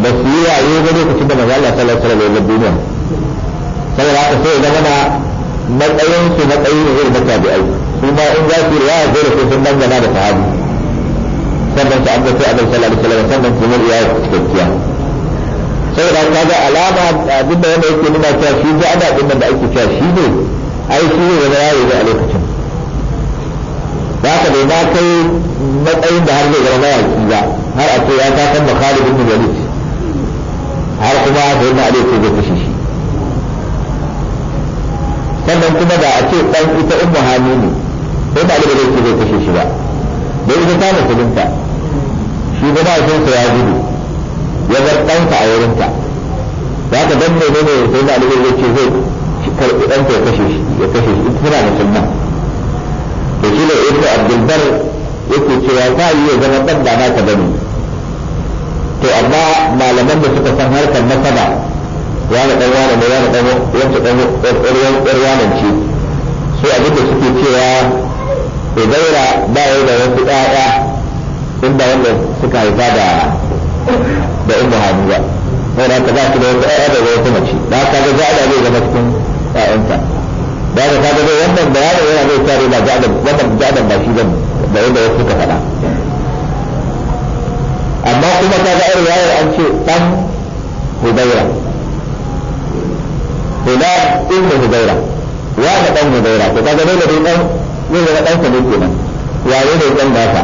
ba su yi yaye ba lokacin da manzo Allah sallallahu alaihi wasallam ya duniya saboda haka sai ya zama matsayin su matsayi ne irin na tabi'ai su ma in za su yi riwaya da sai sun dangana da sahabi sannan su amsa sai annabi sallallahu alaihi wasallam sannan su mun riwaya cikakkiya saboda ka ga alama abin da wanda yake nuna cewa shi ga ada din da ake cewa shi ne ai shi ne da rayu da a lokacin da haka bai ma kai matsayin da har zai zama mayaki ba har a ya ta kan makhalid ibn walid har kuma sai na ali ce zai kashe shi sannan kuma da a ce dan ita ummu hamidu sai na ali ba zai ce zai kashe shi ba dai ita ta musulunta shi ba ba sa ya gudu ya bar danka a wurinta da haka dan ne ne sai na ali zai ce zai karbi ɗansa ya kashe shi ya kashe shi ita tana musulman da shi ne ibnu abdulbar yake cewa ta yi ya zama ɗan ba naka bane to amma malaman da suka san harkar nasaba ya na ɗan wani ne wani ɗan wacce ɗan ɗan ce su abinda suke cewa ubaira ba ya da wasu ɗaya inda wanda suka haifa da da ibnu hanifa wanda ka za su da wasu ɗaya da wasu mace da haka ga zaɗa zai zama cikin ɗayanta da ta kaga dai wannan bayanin yana zai tare da jadan wannan jadan ba shi zan da yadda wasu suka faɗa amma kuma ga irin riwayar an ce dan hudaira huda ibn hudaira ya ga dan hudaira to kaga da dai dan ne da dan ka ne kenan yayi da dan gasa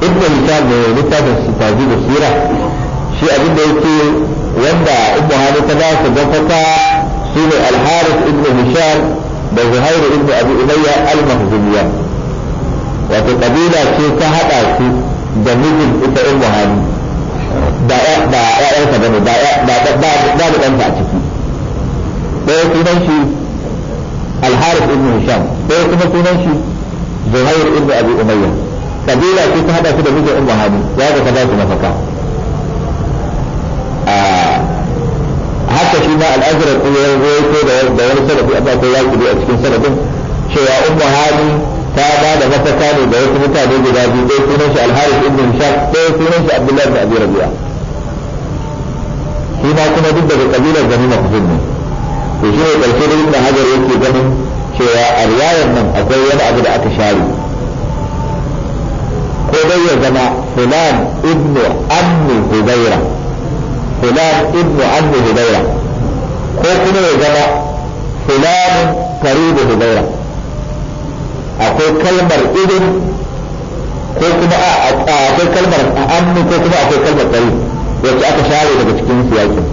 ibn hisham ne littafin shi taji da sira shi abin da yake wanda ibn hali ta za su gafata shine al-harith ibn hisham da zuhair ibn abi umayya al-makhzumiyya wato kabila ce ta hada su da mijin ita ummu ba da ɗanta a ciki ɗaya sunan shi al-harith ibn ɗaya kuma sunan shi zuhair ibn abi umayya kabila ta hada su da haka shi ma al'ajirar ko ya zo da wani sanadi a bakin ya a cikin sanadin cewa ummu hani ta ba da mafaka ne da wasu mutane guda biyu ɗaya sunan shi alharis ibn shaq ɗaya sunan shi abdullahi ibn abi rabi'a shi ma kuma duk daga kabilar bani mahzun ne to shi ne karshe da ibn hajar yake ganin cewa a riwayar nan akwai wani abu da aka share ko dai ya zama fulan ibn ammi hubaira fulan ibnu ammi hudaira ko kuma ya zama fulan qaribu hudaira akwai kalmar ibn ko kuma akwai kalmar ammi ko kuma akwai kalmar qarib wacce aka share daga cikin siyakin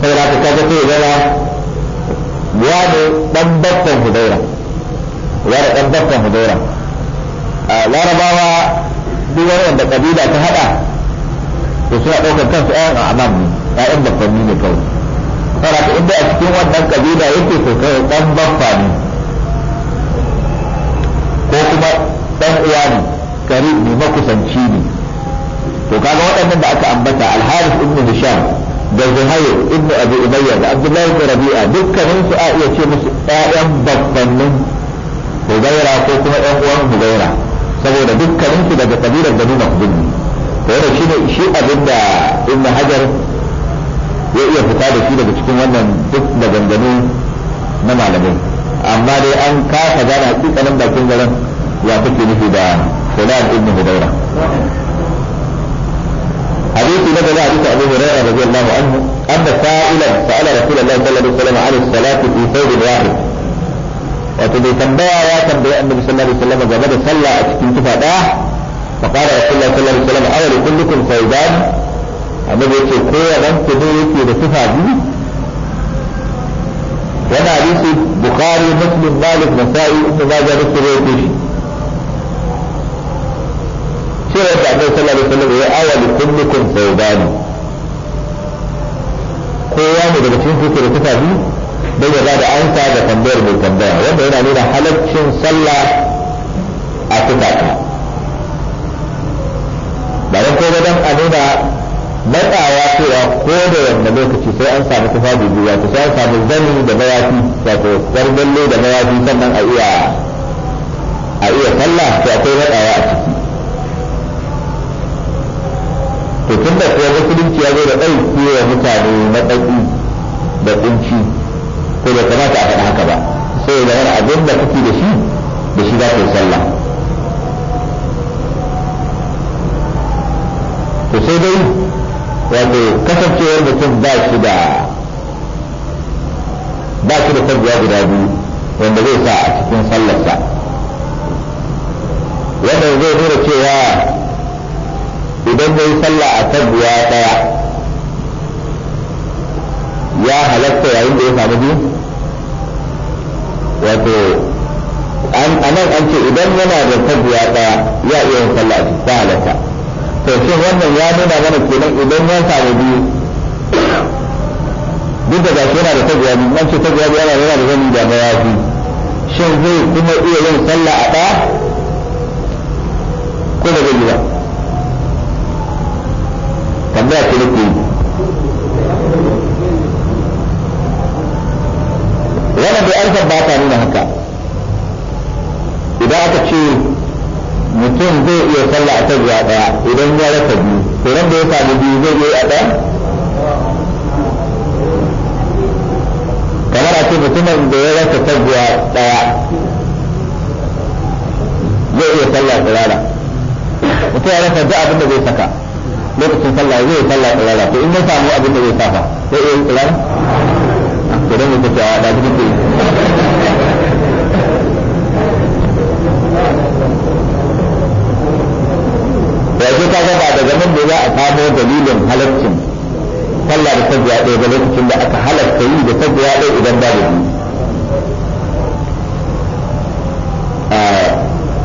saboda haka kaga sai ya zama wani dan bakkan hudaira wani dan bakkan hudaira larabawa duk wani wanda kabila ta haɗa. to suna ɗaukar kansu ƴaƴan a'lam ne ƴaƴan babbanni ne kawai saboda inda a cikin wannan kabila yake to kai ɗan babba ne ko kuma ɗan uwa ne ne makusanci ne to kaga waɗannan da aka ambata alharis ibnu ibn Hisham da Zuhair ibnu Abi Umayya da Abdullahi ibn Rabi'a dukkanin su a iya ce musu ƴaƴan babbannin Hudaira ko kuma ƴan uwan Hudaira saboda dukkanin su daga kabilar Banu Makdum ne wannan shi ne shi abin da ibn hajar ya iya fita da shi daga cikin wannan duk da gangane na malamai amma dai an kasa gane hakikalin bakin garin ya take nufi da fulan ibn hudaira حديث الله حديث ابي هريره رضي الله عنه ان سائلا سال رسول الله صلى الله عليه وسلم عن الصلاه في ثوب واحد wato bai tambaya ya النبي صلى الله عليه وسلم game صلى أتكين a فقال رسول الله صلى الله عليه وسلم أول كلكم سيدان أنا بيت كوية من تدوية بصفة دي وانا عليك بخاري مسلم مالك نسائي إن ما جاء نفس الوقت دي شير رسول الله صلى الله عليه وسلم هو أول كلكم سيدان كوية من تدوية بصفة دي بين بعد أن ساعة تنبير بالتنبير وانا نرى حلق شن صلى أتفاقها ba ko ko dan abu nuna matsawa cewa ko da wanda lokaci sai an samu tufafi biyu wato sai an samu zani da mayafi wato zargalle da mayafi sannan a iya a iya sallah to akwai matsawa a ciki to tun da kuwa musulunci ya zo da ɗauki wa mutane matsatsi da kunci ko bai kamata a faɗa haka ba sai da wani abin da kake da shi da shi za ka yi sallah to sai dai wato kasancewar mutum ba shi da ba shi da sabbiya guda biyu wanda zai sa a cikin sallarsa wanda zai nuna cewa idan zai sallah a sabbiya daya ya halatta yayin da ya samu biyu wato a nan an ce idan yana da sabbiya daya ya iya yin sallah a cikin halatta to shin wannan ya nuna mana kenan idan ya samu biyu duk da gashi yana da tabiyabi nan ce tabiyabi yana yana da zani da mayafi shin zai kuma iya yin sallah a ɗaya ko da zai yi ba tambaya ce nake yi wannan bai alfa ba ta nuna haka idan aka ce mutum zai iya sallah a tabiya daya idan ya rasa biyu to ran da ya samu biyu zai iya a daya kamar a ce mutumin da ya rasa tabiya daya zai iya sallah tsirara mutum ya rasa duk abin da zai saka lokacin sallah zai iya sallah tsirara to in ya samu abin da zai saka sai iya yin tsirara to dan mutum ya da cikin da yake ta ba daga nan ne za a samo dalilin halaccin sallah da sabuwa ɗaya da lokacin da aka halatta yi da sabuwa ɗaya idan ba da biyu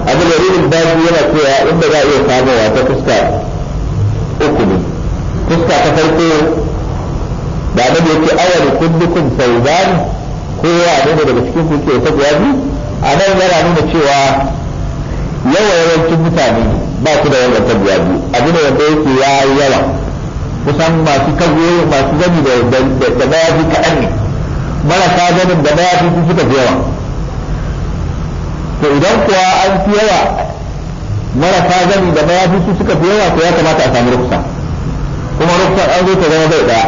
abu da rikin daji yana cewa inda za a iya samowa ta fuska uku ne fuska ta farko da annabi yake awal kullukum sauban kowa ne daga cikin ku ta sabuwa biyu a nan yana nuna cewa yawan yawancin mutane ba ku da wannan tabiya biyu abin da wanda yake ya yawa kusan masu kazo masu gani da fi kaɗan ne marasa ganin da fi su suka fi yawa to idan kuwa an fi yawa marasa gani da fi su suka fi yawa to ya kamata a sami ruksa kuma rukusa an zo ta zama bai ɗaya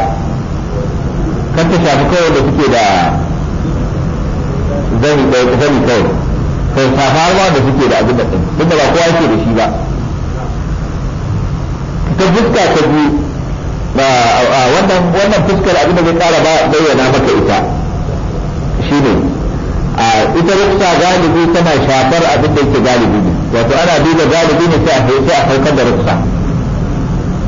kan ta shafi kawai da suke da zani kawai kai safar ma da suke da abin da ɗin ba kowa yake da shi ba ta fuska ta biyu wannan fuskar abin da zai kara ba bayyana maka ita shine a ita ruksa galibi tana shafar abin da yake galibi ne wato ana duba galibi ne sai a sai a farkar da ruksa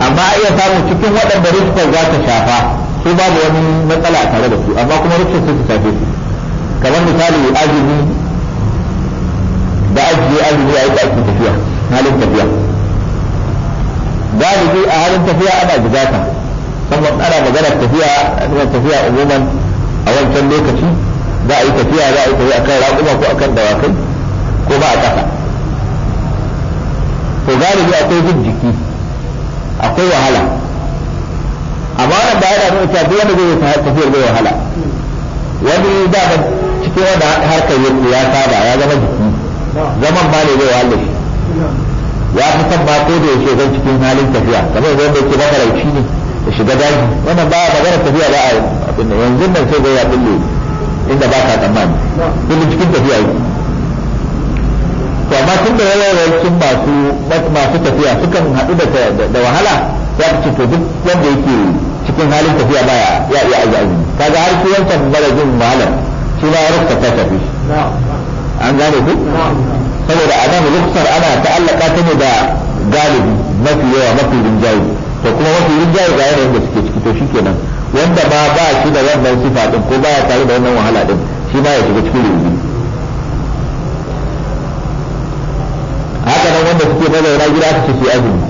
amma iya samun cikin waɗanda ruksar za ta shafa su babu wani matsala a tare da su amma kuma ruksar sun ta shafe su kamar misali azumi da ajiye azumi a yi tafiya halin tafiya galibi a halin tafiya ana bugata saboda ana magana tafiya ana tafiya umuman a wancan lokaci za a yi tafiya za a yi tafiya kan raƙuma ko akan dawakai ko ba a ƙasa to galibi akwai jin jiki akwai wahala amma wannan ba yana nuna cewa wanda zai yi tafiyar zai wahala wani dama cikin wanda harkar ya saba ya zama jiki zaman ba ne zai wahala shi ya fi san ba ko da yake zan cikin halin tafiya kamar wanda yake mafarauci ne da shiga daji wannan ba magana tafiya ba a abin da yanzu nan sai gaya ya inda ba ka tsammani kullum cikin tafiya yake to amma tun da yawancin masu masu tafiya sukan haɗu da wahala ya fi to duk wanda yake cikin halin tafiya ba ya iya aji azumi kaga har shi wancan mara jin malam shi ma ya rufta ta tafi an gane ku saboda a nan rukfar ana ta'allaka ta ne da galibi mafi yawa mafi rinjaye to kuma mafi rinjaye ga yanayin da suke ciki to shi kenan wanda ba ba shi da wannan sifa din ko baya tare da wannan wahala din shi ma ya shiga cikin rubi haka nan wanda suke mazauna gida su ce azumi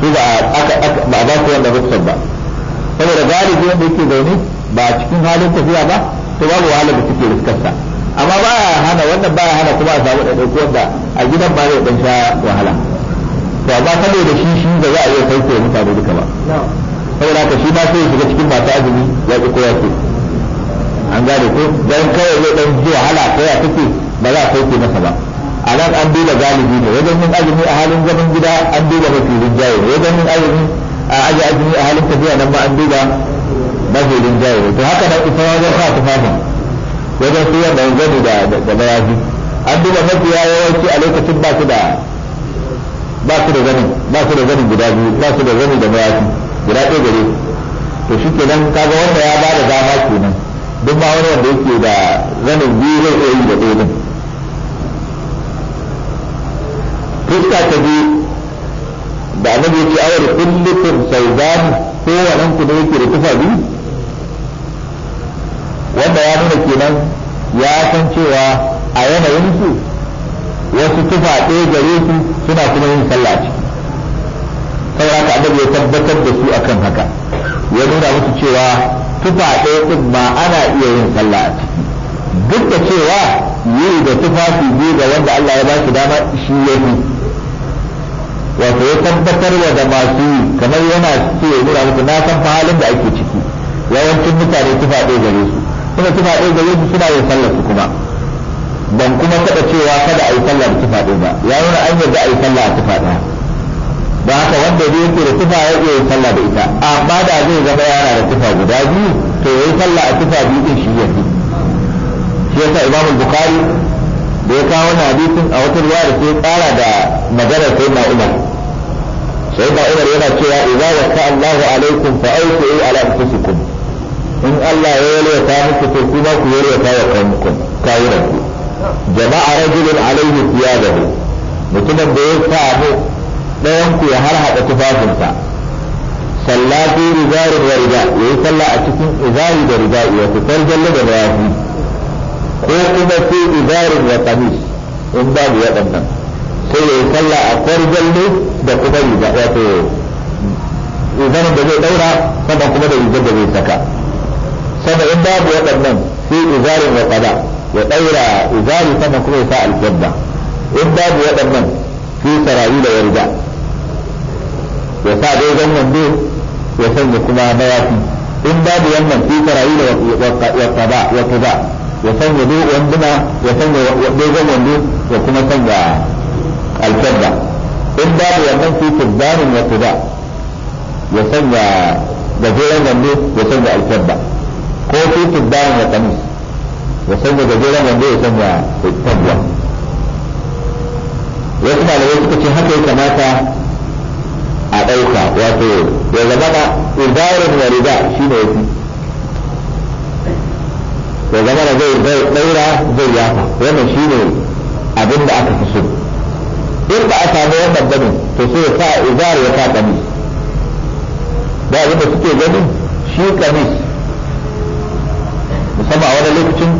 su ba a ba su wannan rukfar ba saboda galibi wanda yake zaune ba cikin halin tafiya ba to babu wahala da suke riskarsa amma ba ya hana wannan ba ya hana kuma a samu ɗaiɗai wanda a gidan ba zai ɗan sha wahala to amma da shi shi ba za a iya sauke mutane duka ba saboda haka shi ba sai shiga cikin masu azumi ya ƙi ko ya ce an gane ko don kawai zai ɗan ji wahala ko ya take ba za a kai masa ba a nan an duba galibi ne wajen yin azumi a halin zaman gida an duba mafi rinjaye wajen yin azumi a aji azumi a halin tafiya nan ba an duba mafi rinjaye to haka na isa wajen sa tufafin wajen su wannan gani da da mayafi an duba ya yawanci a lokacin ba su da ba su da zanin ba su da zanin guda biyu ba su da zanin da mayafi guda ɗaya gare to shi ke nan kaga wanda ya bada dama nan duk ma wani wanda yake da zanin biyu zai iya yi da ɗaya din fuska ta bi da annabi yake awar kullum saudan kowannen ku ne yake da tufa biyu wanda ya nuna kenan ya san cewa a yanayin su wasu tufa ɗaya gare su suna kuma yin sallah ciki saboda haka annabi ya tabbatar da su akan haka ya nuna musu cewa tufa ɗaya din ma ana iya yin sallah a ciki duk da cewa yi da tufafi biyu ga wanda Allah ya ba dama shi ya fi wato ya tabbatar wa da masu yi kamar yana ce ya nuna musu na san halin da ake ciki yawancin mutane tufa ɗaya gare su kuma kifa ɗaya da yadda suna yin sallar su kuma ban kuma kada cewa kada a yi sallah da kifa ba ya nuna an yarda a yi sallah a kifa ɗaya ba haka wanda zai yake da tufa ya iya yin sallah da ita amma da zai zama yana da tufa guda biyu to ya yi sallah a tufa biyu din shi yanzu shi yasa imamu bukari da ya kawo na hadisin a wata ruwa da sai tsara da maganar sai na umar sai na umar yana cewa idza wasa Allahu alaikum fa awfu ala anfusikum in Allah ya yalwata muku to kuma ku yalwata wa kanku kawunan ku jama'a rajulun alaihi siyadahu mutumin da ya samu ɗayan ku ya harhaɗa tufafinsa sallatu rizarin wa rida ya yi sallah a cikin izari da rida ya fitar jalla da bayafi ko kuma sai izari da kamis in babu waɗannan sai ya yi sallah a kwarjalle da kuma riga wato izanin da zai ɗaura sannan kuma da rigar da zai saka sama in babu waɗannan fi izarin wa qada ya daura izari sama kuma ya sa aljanna in babu waɗannan fi sarayi da yarda ya sa zan wando ya sanya kuma mayafi in babu wannan fi sarayi da wa qada wa qada ya sanya wanduna ya sanya dogon wando ya kuma sanya aljanna in babu wannan fi tubbanin wa qada ya sanya gajeren wando ya sanya aljanna ko fi tuddan ya kanu ya sanya gajeren wanda ya sanya tabuwa wasu malamai suka ce haka ya kamata a ɗauka wato ya zama na ubarin wa riga shi ne yafi ya zama na zai ɗaura zai yafa wannan shi ne abin da aka fi so in ba a samu wannan gani to sai ya sa ubar ya sa kamis da abin da suke ganin shi kamis sama a wani lokacin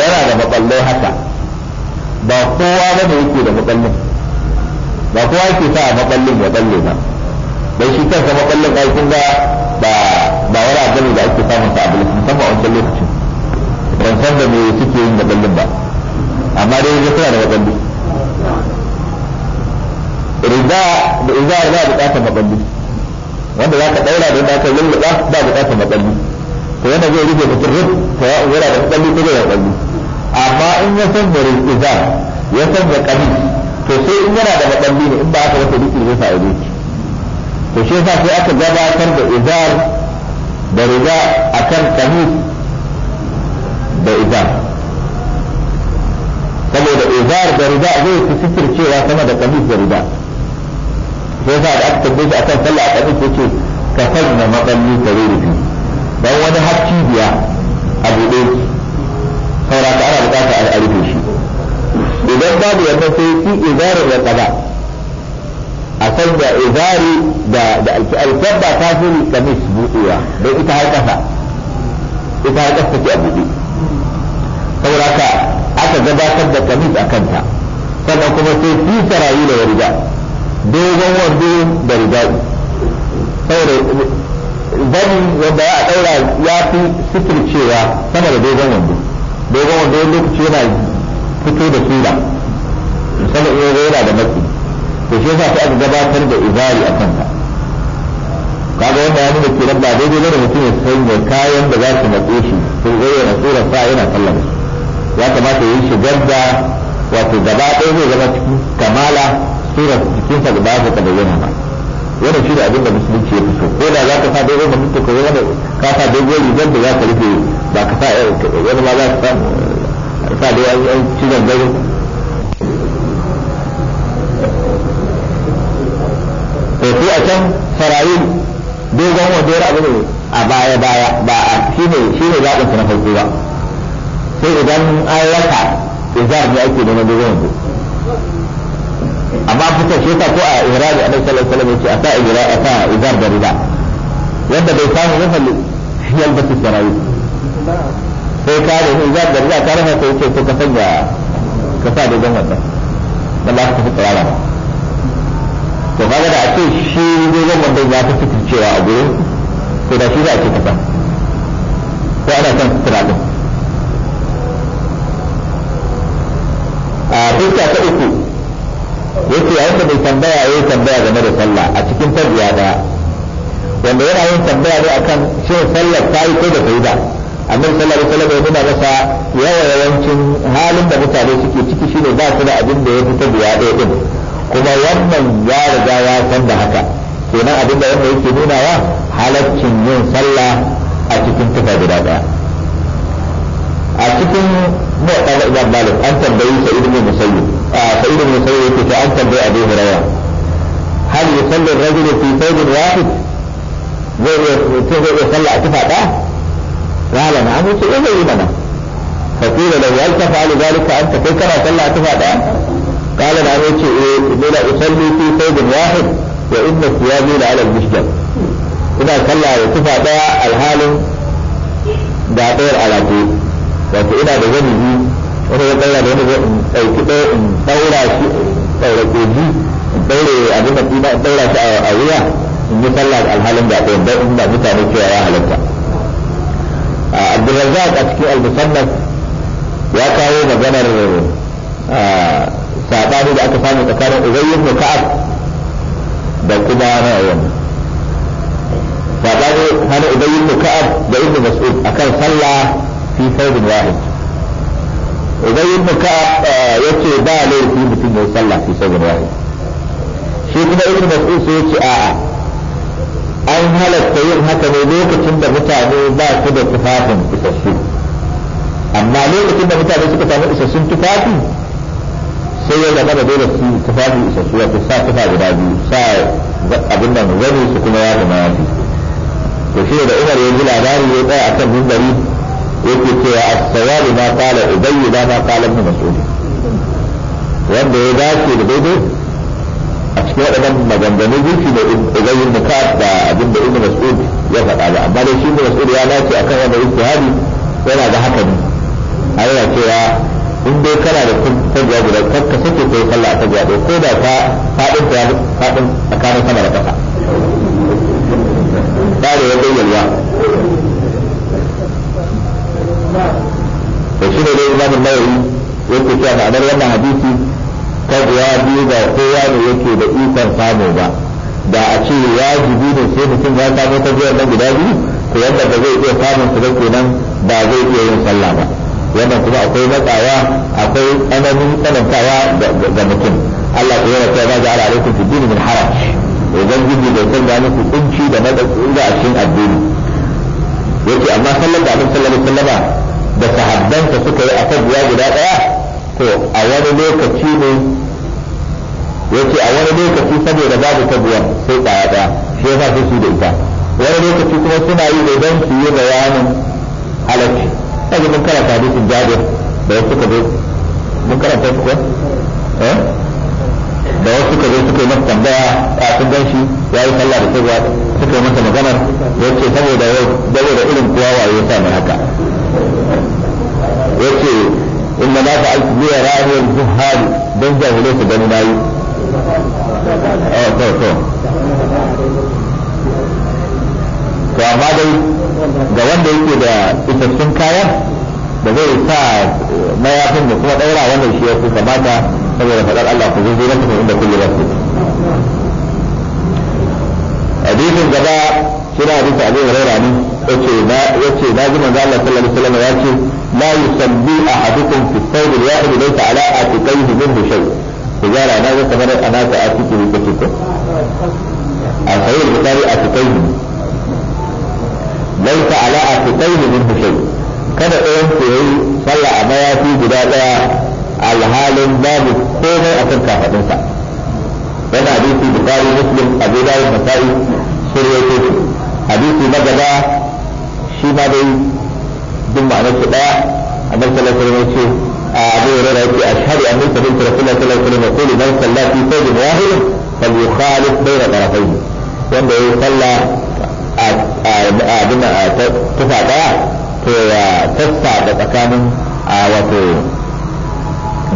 yana da maɓallai haka ba kowa ba da yake da maɓallin ba kowa yake sa a maɓallin ya ba dan shi kansa maɓallin ai kun ga ba ba wani abu ne da ake samun sa a bilis musamman a wancan lokacin ban san da mai suke yin maɓallin ba amma dai yanzu suna da maɓalli riga da riga a buƙatar maɓalli wanda za ka ɗaura da za ka lulluɓa ba buƙatar maɓalli to yana zai rufe mutum ruf ta ya yana da kalli ko da kalli amma in ya san da rikiza ya san da kalli to sai in yana da makalli ne in ba aka wata rikki zai sa'a rikki to shi yasa sai aka gabatar da izar da riga akan kamis da izar saboda izar da riga zai fi sitircewa sama da kamis da riga sai yasa da aka tambaye shi akan sallah a ko ce ka sanya makalli ka rufe dan wani hakki biya a buɗe saura ta ana bukata a rufe shi idan babu yadda sai fi izarin ya tsada a da izari da da alkyalkyar ta fi kamis buɗewa don ita har ƙasa ita har ƙasa ke a buɗe saura ka aka gabatar da kamis a kanta sannan kuma sai fi sarayi da riga dogon wando da riga saboda zani wanda ya daura ya fi cewa sama da dogon wando dogon wando ya lokaci yana fito da sura musamman iya yana da matsi to shi yasa sai aka gabatar da izari a kanta kaga wanda ya nuna kenan ba daidai bane mutum ya san da kayan da za su matse shi sun zai yana tsoron sa yana sallah ya kamata ya yi shigar da wato gaba ɗaya zai zama cikin kamala surar jikinsa da ba su ta bayyana ba wannan shi da abin da musulunci ya fi so ko da za ka sa dogon mutum ko wani ka sa dogon rigar da za ka rufe ba ka sa eh, wani ma za ka sa eh, da yan cizon gari to su a can sarayin dogon wadda abu ne a baya baya ba a shi ne shi ne zaɓin su na farko ba sai idan an rasa izar ne ake da na dogon wadda amma fita shi ta ko a irani annabi sallallahu alaihi wasallam yace asa a sa izar da riba yadda bai samu ya falli hiyal batu sarawi sai ka da izar da riba ka rafa sai ce to ka sanya ka sa da jan wannan da ba ka fi tsara ba to kaga da a ce shi dogon wanda ya fi cewa a gurin to da shi za a ce ka san ko ana son sutura din a fuska ta uku yake yayin da bai tambaya yayi tambaya game da sallah a cikin tarbiya da wanda yana yin tambaya ne akan shin sallar ta yi ko da ta yi ba annabi sallallahu alaihi wasallam ya nuna masa yawa yawancin halin da mutane suke ciki shine ba su da abin da ya fita biya ɗaya din kuma wannan ya riga ya san da haka kenan abin da wanda yake nunawa halaccin yin sallah a cikin tufa guda a cikin mu'tamar imam malik an tambayi sa ibnu musayyib آه، سعيد بن سعيد تتأثر بأبي هريرة هل يصلي الرجل في ثوب واحد زي يصلى كفاته؟ قال نعم يقول إيه لنا فقيل له هل تفعل ذلك أنت كيف صلى كفاته؟ قال نعم يقول إيه أصلي في ثوب واحد وإن ثيابي لعلى المشجر إذا صلى كفاته الحال da tsayar على wato وإذا بغني wani ya daura da wani zai in ɗauki ɗaya in daura shi daura kogi in daure abin da kuma daura shi a wuya in yi sallah alhalin da ɗaya don in ba mutane cewa ya halatta abdulrazak a cikin al-musannaf ya kawo maganar saɓani da aka samu tsakanin ubayyin da ka'ab da kuma ra'ayin saɓani hana ubayyin da ka'ab da ibn mas'ud akan sallah fi saudin wahid Idan yin ibn eh, ya ce ba laifi mutum ya sallah fi sabin wahid shi kuma ibn mas'ud sai yace a'a an halatta yin haka ne lokacin da mutane ba su da tufafin isassu amma lokacin da mutane suka samu isassun tufafi sai ya zama da dole su tufafi isassu wato sa tufa guda biyu sa abin nan zani su kuma ya zama yafi to shi da umar ya ji labari ya tsaya akan mimbari yake cewa as-sawabu ma qala ubayy la ma qala ibn mas'ud wanda ya dace da daidai a cikin waɗannan maganganu zuci da ubayy ibn da abin da ibn mas'ud ya faɗa ba amma dai shi ibn mas'ud ya dace akan wanda hali yana da haka ne a yana cewa in dai kana da tabiya guda kar ka sake kai sallah ta jabe ko da ta fadin ta fadin tsakanin sama da ƙasa ba da ya bayyana to shi ne dai imamu nawawi yake cewa ma'anar wannan hadisi kaguwa biyu ba kowa ne yake da ikon samu ba da a ce wajibi ne sai mutum ya samu biyar nan guda biyu ko yadda ba zai iya samun su ba kenan ba zai iya yin sallah ba wannan kuma akwai matsawa akwai ananin tsanantawa ga mutum Allah ta yana cewa za a alaikum fi dini min haraj ubangiji bai sanya muku kunci da madadin da a cikin addini yake amma sallar da annabi sallallahu alaihi wasallama da sahabbansa suka yi a biya guda daya to a wani lokaci ne yake a wani lokaci saboda babu tabuwa sai daya daya shi yasa sai su da ita wani lokaci kuma suna yi da don su yi bayanin halacci kaga mun karanta hadisin jabir da wasu zo mun karanta su ko eh da wasu suka zo suka yi masa tambaya a sun gan ya yi sallah da sirwa suka yi masa maganar ce saboda yau dare da irin kuwa waye ya sami haka yace inna ma fa'altu bi ra'yin zuhari dan jahilai su gani nayi eh oh, to to to amma dai ga wanda yake da isassun kaya da zai sa mayafin da kuma daura wannan shi ya fi kamata saboda faɗar Allah ku zo zuwa cikin inda kullu rasul hadisin gaba suna hadisi abin raira ne yace na yace na ji manzo Allah sallallahu alaihi wasallam yace la yusalli ahadukum fi thawb al-wahid laysa ala atiqaihi minhu shay tijara na ga kamar ana ta atiki ne kike a sahih bukhari atiqaihi laysa ala atiqaihi minhu shay kada ɗayan ku yi sallah a mayafi guda ɗaya alhalin babu komai a kan kafaɗinsa wani hadisi bukari muslim abu dawud masai ko shi hadisi na gaba shi ma dai duk ma'anar su ɗaya a sallallahu alaihi ce a abu da yake ashhadu an laysa bint rasulullah sallallahu alaihi wasallam yaqulu da salla fi thawbin wahid falyukhalif da tarafayn wanda yi sallah a abin tufa ɗaya ko ya sassa da tsakanin a wato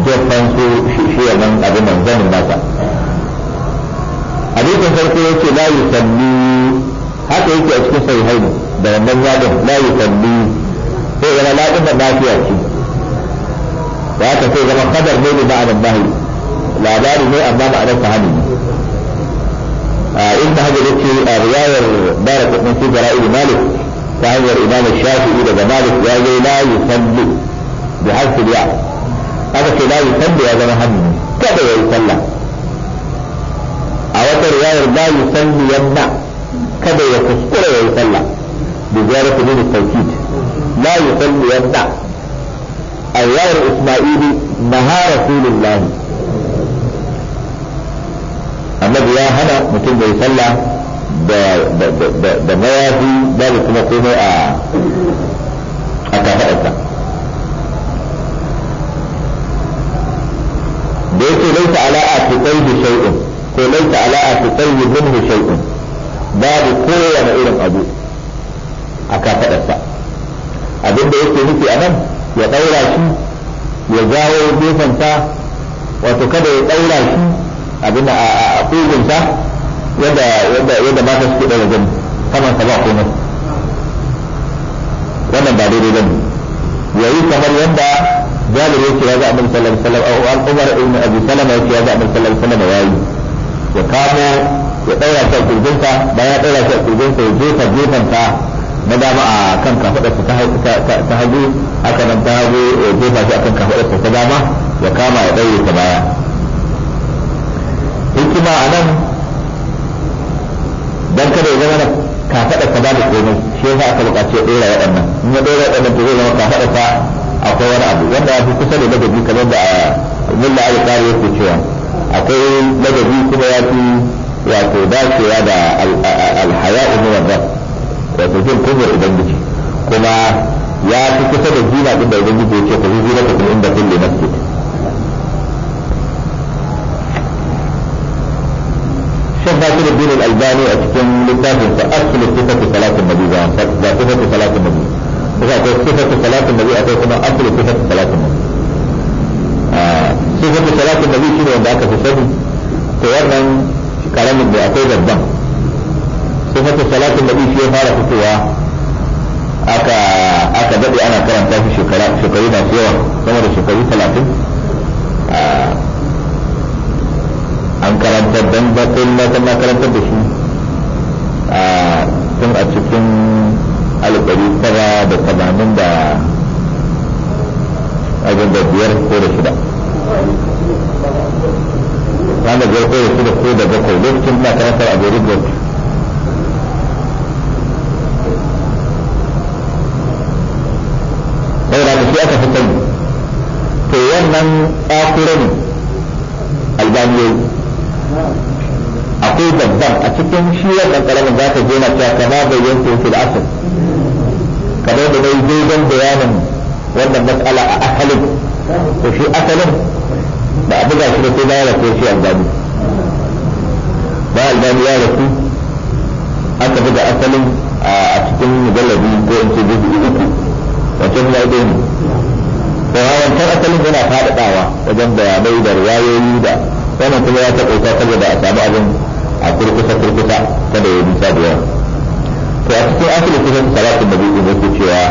jefan su shi wannan abin nan zanin nasa hadisin farko yace la yusalli haka yake a cikin haini da wannan yadin la yusalli ko yana laɗin da lafiya ce Ya haka sai zama kadar ne da ba'an bahi labari ne amma ma'anar hannu ne ibn hajar yace a riwayar barakatun fi jara'il malik فهو الإمام الشافعي إذا مالك يعني لا يصلي بحرف الياء هذا لا يصلي هذا مهم كذا يصلى أو رواية لا يصلي يمنع كذا يكسر ويصلى بزيارة من التوكيد لا يصلي يمنع الرواية الإسماعيلي نهى رسول الله النبي يا هنا متى يصلى da mayafi babu kuma komai a a kafaɗarsa da yake laita ala'a fi tsayi shay'in ko laita ala'a fi tsayi minhu shay'in babu kowane irin abu a kafaɗarsa abinda yake nufi a nan ya ɗaura shi ya jawo gefensa wato kada ya ɗaura shi abin a ƙugunsa yadda yadda yadda ba ta suke daga gani kamar ka ba komai wannan ba daidai bane yayi kamar yadda jabir yake ya ga annabi sallallahu alaihi wasallam au al-umar ibn abi salama yake ya ga annabi sallallahu alaihi wasallam yayi ya kamo ya daura ta kurjinta bayan ya daura ta kurjinta ya jefa jefanta na dama a kan kafadarsa ta hagu haka nan ta hagu ya jefa shi a kan kafadarsa ta dama ya kama ya daure ta baya hikima a nan dan kada ya zama ka faɗa ka bada komai shi yasa aka buƙaci ya ɗora waɗannan in ya ɗora waɗannan to zai zama ka faɗa ka akwai wani abu wanda ya fi kusa da ladabi kamar da mulla ah, ali kare yake cewa akwai ladabi kuma ya fi wato dacewa da alhaya ibn wadda wato jin kubur idan kuma ya fi kusa da zina din da ubangiji ce ku zuwa ku inda kullu masjid ناصر الدين الألباني أتكلم للدافع فأصل صفة صلاة النبي ذا صفة صلاة النبي إذا كنت صفة صلاة النبي أتكلم أصل صفة صلاة النبي صفة صلاة النبي شنو عند أكا في سبي تورنا كلام ابن أتيب الدم صفة صلاة النبي شيء فارق فيها aka aka daɗe ana karanta shi shekaru masu yawa sama da shekaru talatin an karanta don zaɓin na karanta da shi a tun a cikin alƙari tara da tamanin da abin da biyar ko da shida wanda biyar ko da shida ko da bakwai lokacin na karantar a beri gold saboda da shi aka fi sani to wannan ƙakuran albaniyoyi akwai babban a cikin shi wannan karamin za ka je na cewa kama bayyan da asir kamar da dai daidan bayanin wannan matsala a asalin to shi asalin ba a buga shi da sai bayan rafe shi albani ba albani ya an tafi da asalin a cikin mujallabi ko in ce juzu'i uku wajen na idon to hawan asalin yana faɗaɗawa wajen bayanai da riwayoyi da sannan kuma ya taƙaita saboda a samu abin a kurkusa kurkusa kada ya nisa da yawa to a cikin asali kusa salatin da biyu yake cewa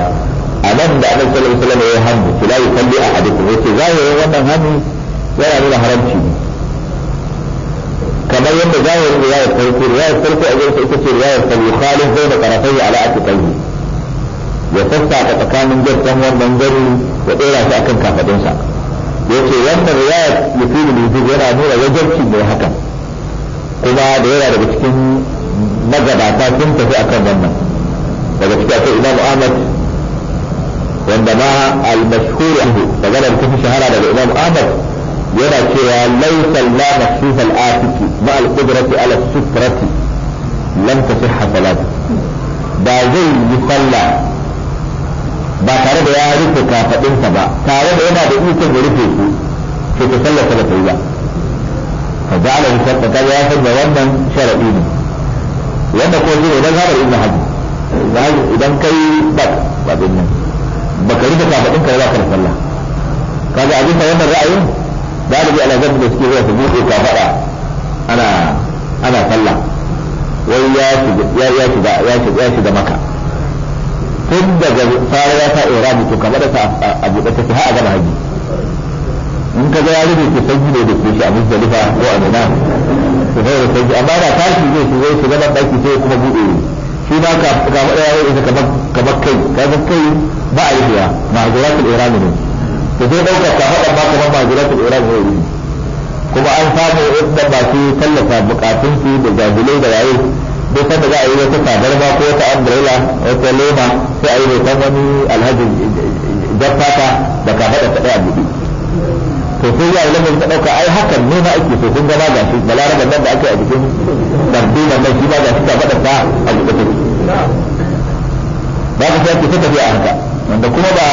a nan da annabi sallallahu alaihi wasallam ya hannu to la ce za yace zahirin wannan hannu yana nuna haramci ne kamar yadda zahirin yi farko riwayar farko a gaisa ita ce riwayar sa yukhalif bayna qarafayhi ala atiqayhi ya ta tsakanin gaskan wannan gari ya dora shi akan kafadunsa yake wannan riwayat mutum wujud yana nuna wajarci ne haka kuma da yana daga cikin magabata sun tafi akan wannan daga cikin akwai imam ahmad wanda ma al-mashhur magana da tafi shahara daga imam ahmad yana cewa laysa la mahsuf al-atiki ma al-qudrati ala sutrati lam tasihha salatu ba zai yi sallah ba tare da ya rufe kafaɗinsa ba tare da yana da ikon ya rufe su sai ta sallata da ta yi ba fa rufe ta sharta ya da wannan sharaɗi ne wanda ko zai idan har ibn hajj idan kai ba ba din nan ba ka rufe kafaɗinka ba ka sallah kaga abin da wannan ra'ayin da alibi ala zan da suke zuwa su buɗe kafaɗa ana ana sallah wai ya shiga ya shiga ya shiga maka tun daga tsara ya sa irami mutu kamar da ta abu da take har a gama haji in ka ga ya rubuta sanyi ne da kushi a musdalifa ko a mina to da sanyi amma da tashi zai su zai shiga daki sai kuma bude shi ma ka ga wadaya ya isa kamar kai kaga kai ba a yi ya ma'azuratul irami ne ta sai dauka ka faɗa ba kamar ma'azuratul irami ne kuma an samu inda masu tallafa bukatun su da jahilai da yayi duk da za a yi wata tabar ba ko wata umbrella wata lema sai a yi wata wani alhaji jaffata da ka faɗa ta ɗaya buɗe to sai ya ilimi ta ɗauka ai haka ne ma ake so kun gama gashi balarabar nan da ake a jikin dardina nan shi ma gashi ta faɗa ta a buɗe ba ka sai tafi a haka wanda kuma ba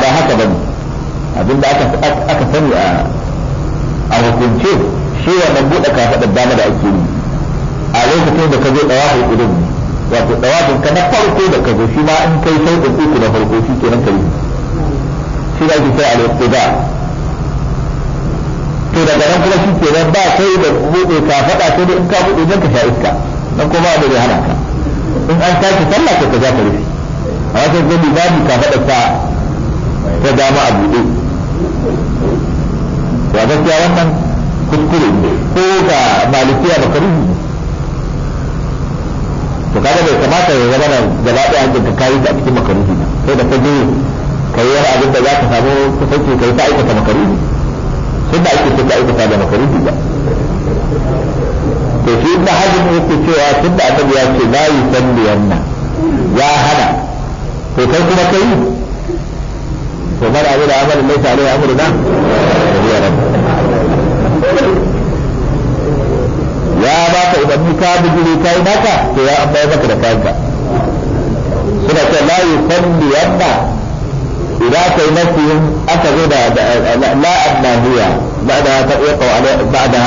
ba haka ba ne abinda aka aka sani a hukunce shi wannan buɗe kafaɗar dama da ake yi a lokacin da ka zo dawafin irin wato dawafin ka na farko da ka zo shi ma in kai sai uku na farko shi kenan ka yi shi da ake sai al da to daga nan kuma shi kenan ba kai da bude ka fada sai da in ka bude dan ka sha iska dan kuma ba da hana ka in an sake sallah ka za ka rufe a wata zabi babu ka fada ta ta dama a bude ya gaskiya wannan kuskure ne ko ga malikiya da ka to kaga bai kamata ya zama gaba ɗaya an ka kayi ta a cikin makaruhi ba sai da ka je ka yi abin da za ka samu ka sauke ka yi ta aikata makaruhi sai da ake so ka aikata da makaruhi ba to shi ibn ne yake cewa tun da annabi ya ce la yusalli yanna ya hana to kai kuma kai to bar abin da amalin laisa alaihi amruna ya rabb ya baka ubanni ka bijiri ka yi naka to ya amma ya maka da kayanka suna ce la yusalli yamma idan kai nasihin aka zo da la annahiya ba'da ta yaqa ba'da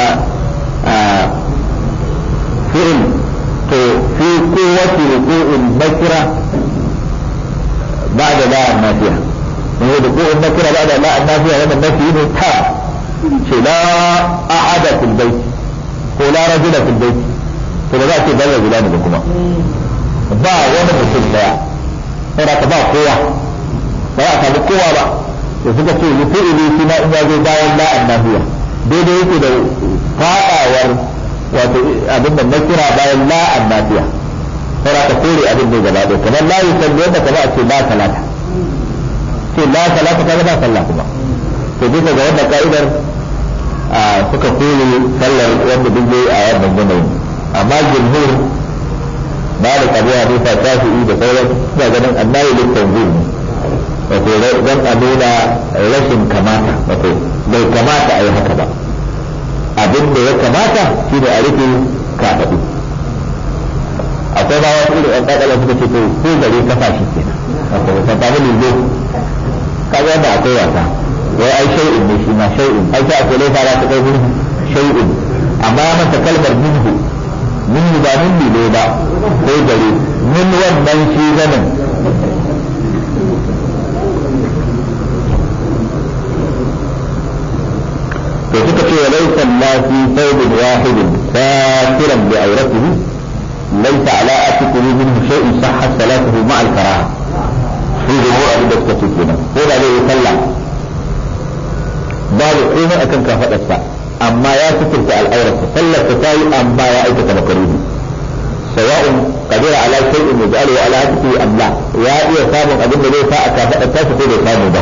fi'l to fi quwwati ruku'in bakira بعد لا النافية من هو دقوء النكرة بعد لا النافية لأن النافية هنا التاء لا أحد في البيت ko lara rajula fil bayt to ba za a ce dan rajula ne kuma ba wani mutum daya sai ka ba kowa ba za a samu kowa ba to suka ce ni fi'ili shi ma in ya zo bayan la annabiya daidai yake da fadawar wato abin da na kira bayan la annabiya sai ka kore abin da gaba ɗaya kamar la yusalli wanda ka ba a ce la salata ce la salata ka ba sallah kuma to bisa ga wannan ka'idar suka kore sallar wanda duk zai a yadda gane amma jumhur ba da kabiya ne ta shafi'i da sauran suna ganin annabi littan zuwa wato zan a nuna rashin kamata wato bai kamata a yi haka ba abin da ya kamata shi ne a rufe a akwai ba wasu irin ɗan ƙaƙalar suka ce ko gare kafa shi kenan wato ta tafi ka kaga da akwai wasa wai ai shay'in ne shi ma shay'in ai ta akwai laifa za ta kai minhu shay'in amma ya manta kalmar minhu minhu ba min ne ba sai gare min wannan shi zanin to suka ce wa laysa allazi thawbun wahidun satiran bi awratihi laysa ala atiqi minhu shay'un sahha salatuhu ma al-karaha shi ne abin da suka ce kenan ko da zai yi sallah babu komai akan kafadarsa amma ya kuturta al'aurarsa sallar ta tayi amma ya aikata makaruhi sawa'un qadira ala shay'in yaj'alu ala hadithi am la ya iya samun abin da zai sa a kafadarsa ko bai samu ba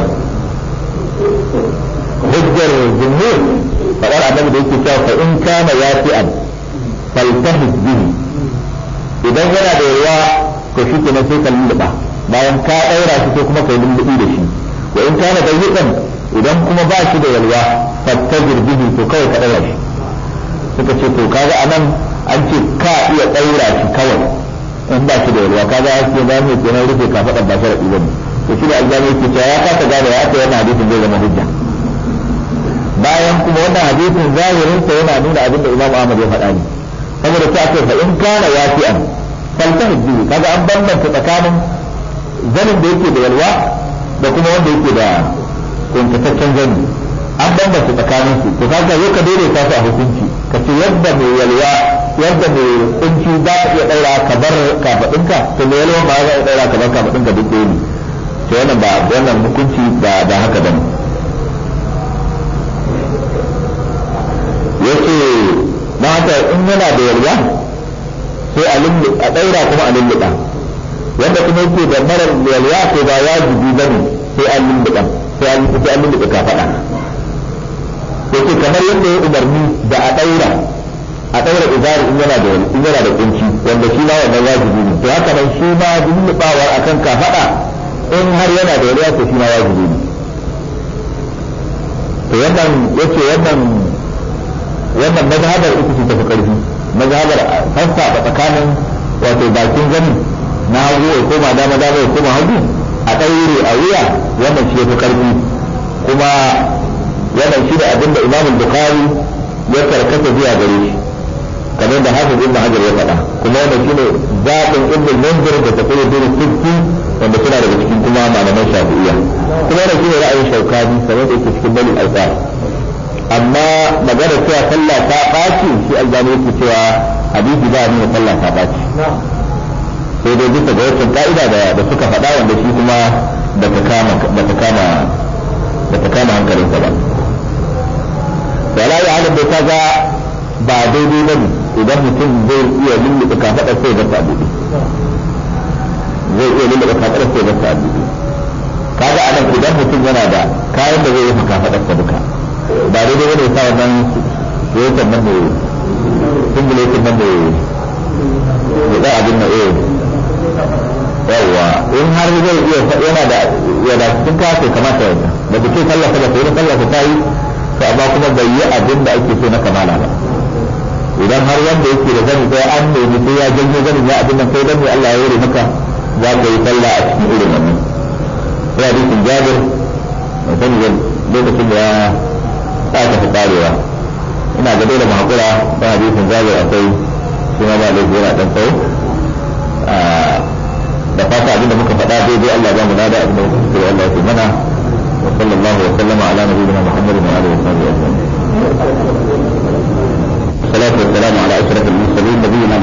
hujjar jumhur fadar annabi da yake cewa fa in kana yafi'an faltahid bihi idan yana da yawa ka shi na sai ka lulluɓa bayan ka ɗaura shi ko kuma ka yi lulluɓi da shi wa in kana dayyiqan idan kuma ba shi da yalwa fattajir bihi to kawai ka daura shi suka ce to kaga anan an ce ka iya daura shi kawai in ba shi da yalwa kaga ya ce ba mai kenan rufe ka faɗa ba da ba to shi da aljami yake cewa ya kasa gane ya aka yana hadisin zai zama hujja bayan kuma wannan hadisin sa yana nuna abin da imamu ahmad ya faɗa ne saboda ta ce fa in kana yafi'an falsafa biyu kaga an bambanta tsakanin zanin da yake da yalwa da kuma wanda yake da kuntataccen zani an su tsakanin su to kaga yau ka daidaita su a hukunci ka ce yadda mai yalwa yadda mai kunci za ka iya daura ka bar kafadinka to mai yalwa ba za ka iya daura ka bar kafadinka duk ɗaya ne to wannan ba wannan hukunci ba da haka bane yace na haka in yana da yalwa sai a lullu a daura kuma a lulluɗa wanda kuma yake da mara yalwa ko ba wajibi bane sai a lulluɗa sai an sai an lulluɓe yake kamar yadda ya umarni da a ɗaura a ɗaura izari in yana da in yana da kunci wanda shi ma wannan wajibi ne to haka nan shi ma lulluɓawar akan kafaɗa in har yana da wani to shi ma wajibi ne to wannan yace wannan wannan mazhabar ita ce tafi ƙarfi mazhabar fassa tsakanin wato bakin gani na hagu ya koma dama dama ya koma hagu a ɗaure a wuya wannan shi fi karfi kuma wannan shi da abinda imam bukhari ya karkata zuwa gare shi kamar da hafiz ibn hajar ya faɗa kuma wannan shi ne zaɓin ibn munzir da tafiya bin sirki wanda suna daga cikin kuma malaman shafi'iyya kuma wannan shi ne ra'ayin shaukani kamar da yake cikin bali alfar amma magana cewa sallah ta ɓaci shi aljani yake cewa hadisi ba nuna sallah ta ɓaci sai dai bisa ga wacce ka'ida da suka faɗa wanda shi kuma ba ta kama hankalinsa ba wala ya halin da kaga ba daidai ba ne idan mutum zai iya lullube kafaɗar sai ga sabu zai iya lulluɓe kafaɗar sai ga sabu kaga a nan idan mutum yana da kayan da zai yi kafaɗar sa duka ba daidai ba ne sa wannan yayin nan da sun buletin nan da ya za a bin na yawa in har zai iya yana da yana cikin kafe kamata yadda da ku ce sallasa da sai sallasa ta yi to amma kuma bai yi abin da ake so na kamala ba idan har wanda yake da zani sai an nemi sai ya janyo zanin ya abin nan sai dan ne Allah ya yi maka za ka yi talla a cikin irin wannan sai hadisin Jabir mai sani da lokacin da ya sa ta fi karewa ina ga dole mu hakura da hadisin Jabir akwai shi ma ba laifi yana ɗan tsawo da fata abin da muka faɗa daidai Allah ya mu nada abin da muka faɗa Allah ya mana wa sallallahu wa sallam ala nabiyyina Muhammad wa alihi wa sahbihi ajma'in salatu wa salamu ala ashrafil mursalin nabiyina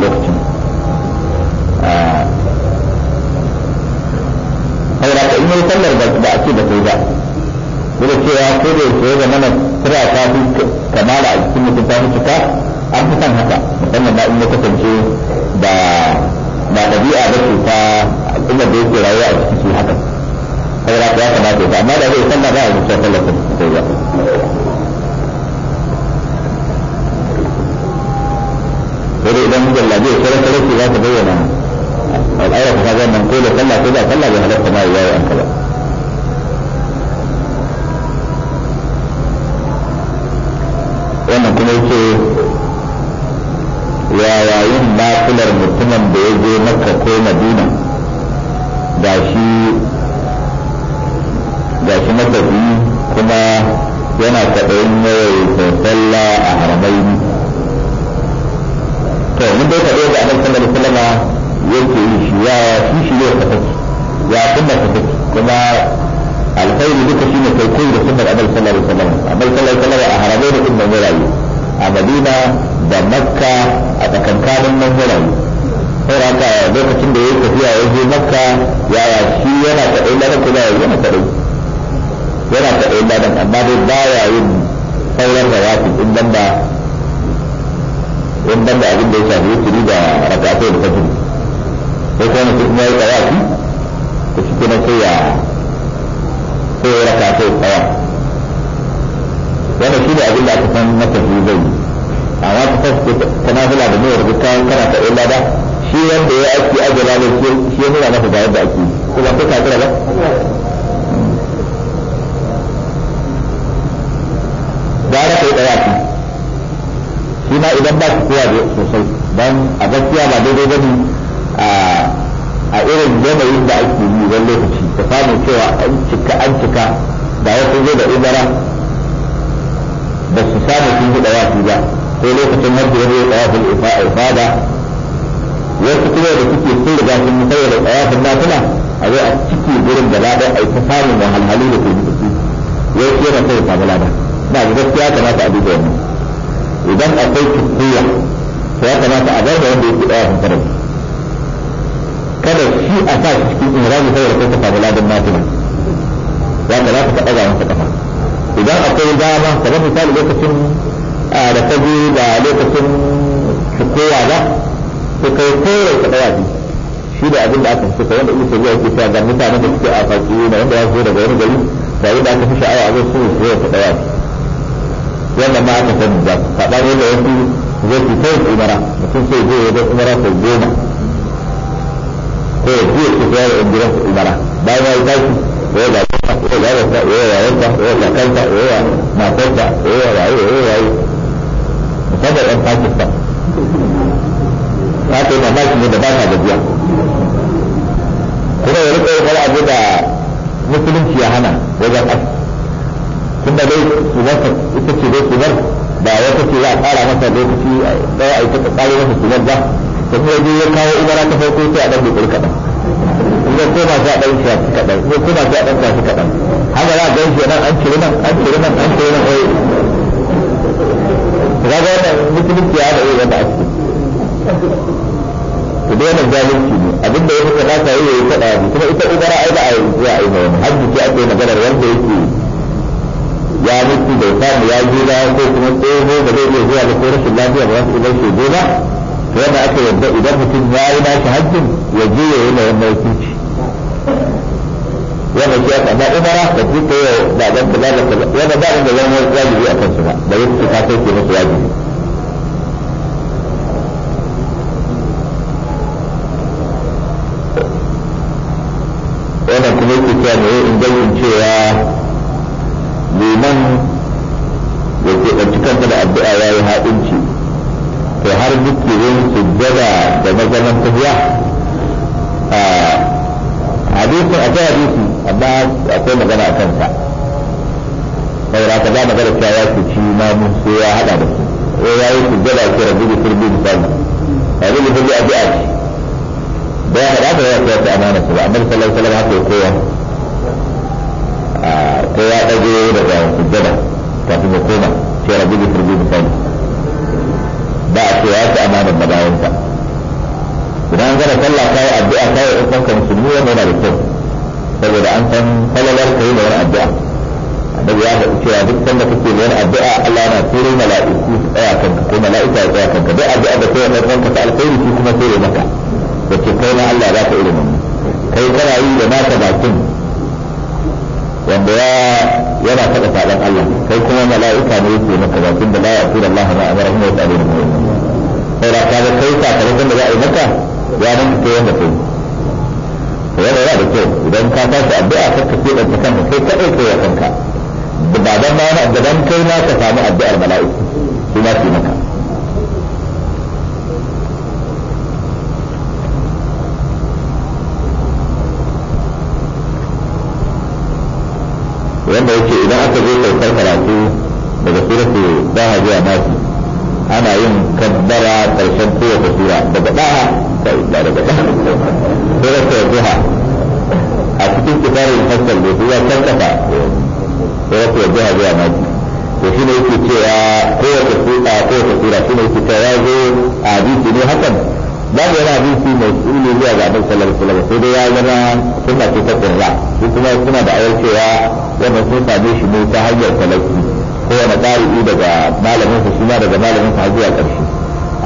lokacin ya nuna maka ga yadda ake ko ba kai kafira ba gara kai da yafi shi ma idan ba ku kowa sosai dan a gaskiya ba daidai ba ne a irin yanayin da ake yi wani lokaci ka samu cewa an cika an cika da wasu zai da ibara ba su samu sun yi da yafi ba ko lokacin har da ya zai da yafi ifada wasu kuma da suke sun riga sun yi saboda tsayafin nafila a zai a ciki gurin da lada a ta samun wahalhalu da ke jiki wai shi yana sai samu lada ba da gaskiya kamata a duba wannan idan akwai cikkuya to ya kamata a bar da wanda yake tsayafin farin kada shi a sa shi cikin imrani saboda da ka samu ladan nafila ya kamata ka ɗaga masa kafa idan akwai dama kamar misali lokacin da ta da lokacin cikowa ba to kai kore ka dawa bi shi da abin da aka fi wanda ibnu tabiya yake cewa ga mutanen da suke a faƙi da wanda ya zo daga wani gari da aka fi sha'awa a wasu su zo ka dawa wanda ma aka sani ba saɓani da wasu zai fi kai umara mutum sai zai yi umara sau goma ko ya fiye su fiye da ɗan umara bayan ya yi tashi ko ya zaɓi ko ya zaɓi ko ya yayanta ko ya kakanta ko ya matarsa ko ya waye ko ya waye musamman za ka yi mamaki ne da ba ta gajiya kuma ya rika wani abu da musulunci ya hana wajen aiki tunda dai tsubarsa ita ce dai tsubar ba wata ce za a ƙara masa lokaci ɗaya a ita ta ƙare masa tsubar ba ta kuma je ya kawo umara ta farko sai a ɗan bai ƙuri kaɗan ya koma sai a ɗan shafi kaɗan ko koma sai a ɗan shafi kaɗan haka za a gan shi nan an ciri nan an ciri nan an ciri nan ɗaya. Eh. Zaga wannan musulunci ya da iya wanda a ciki. ku daina zalunci ne abin da ya fi ta yi ya yi faɗa ne kuma ita ubara ai ba a yi zuwa a yi mai wani hajji ce ake magana wanda yake ya mutu bai samu ya ji da ko kuma tsoho da zai iya zuwa da ko rashin lafiya ba za su iya shi ba to yadda aka yadda idan mutum ya yi nashi hajjin ya je ya yi wannan hukunci wanda shi ya kama umara da su da yi wa baban da ba da da ba da zama wajibi a da ba da yadda da kai da musu wajibi abbas akwai magana a kansa saboda ka za magana cewa ya ku ci mamu sai ya hada da su ko ya yi sujjada ko rabbi bi turbi bi sallu rabbi bi turbi addu'a ce da ya hada da ya ce ta amana su ba amma sallallahu alaihi haka ya koya ah, ko ya dago daga sujjada kafin ya koma ce rabbi bi turbi da sallu ba a ce ya ci amana da bayansa idan gana sallah kai addu'a kai ubanka musulmi wannan yana da kyau saboda an san falalar yi da wani addu'a annabi ya faɗi cewa duk sanda kake da wani addu'a Allah yana turo mala'iku su tsaya ka ko mala'ika ya tsaya ka duk addu'a da kai wannan ranka ta alkhairi ki kuma sai ya maka wace kai na Allah za ka iri wannan kai kana yi da naka bakin wanda ya yana faɗa faɗan Allah kai kuma mala'ika ne yake maka bakin da la ya tura Allah na amara kuma ya tsare wa sallam sai da kai sakamakon da za a yi maka ya nan kai wanda kai yana yana da kyau idan ka tashi addu'a ka ka ce ɗanka kanka kai kaɗai ko ya kanka ba dan ma wani kai na ka samu addu'ar mala'iku su ma su maka wanda yake idan aka zo saukar karatu daga suratu ba hajiya mafi ana yin kaddara karshen kowace sura daga daha sai da daga daha sura ta duha a cikin kitabul fasal da duha kankata kafa ta duha zuwa maki to shine yake cewa kowace sura kowace sura shine yake cewa ya zo a hadisi ne hakan da yana hadisi mai tsini zuwa ga abin sallar sallar sai dai ya gana suna ce ta kurra su kuma suna da ayar cewa wannan sun same shi ne ta hanyar talaki kowane ɗalibi daga malamin sa shima daga malamin sa zuwa ƙarshe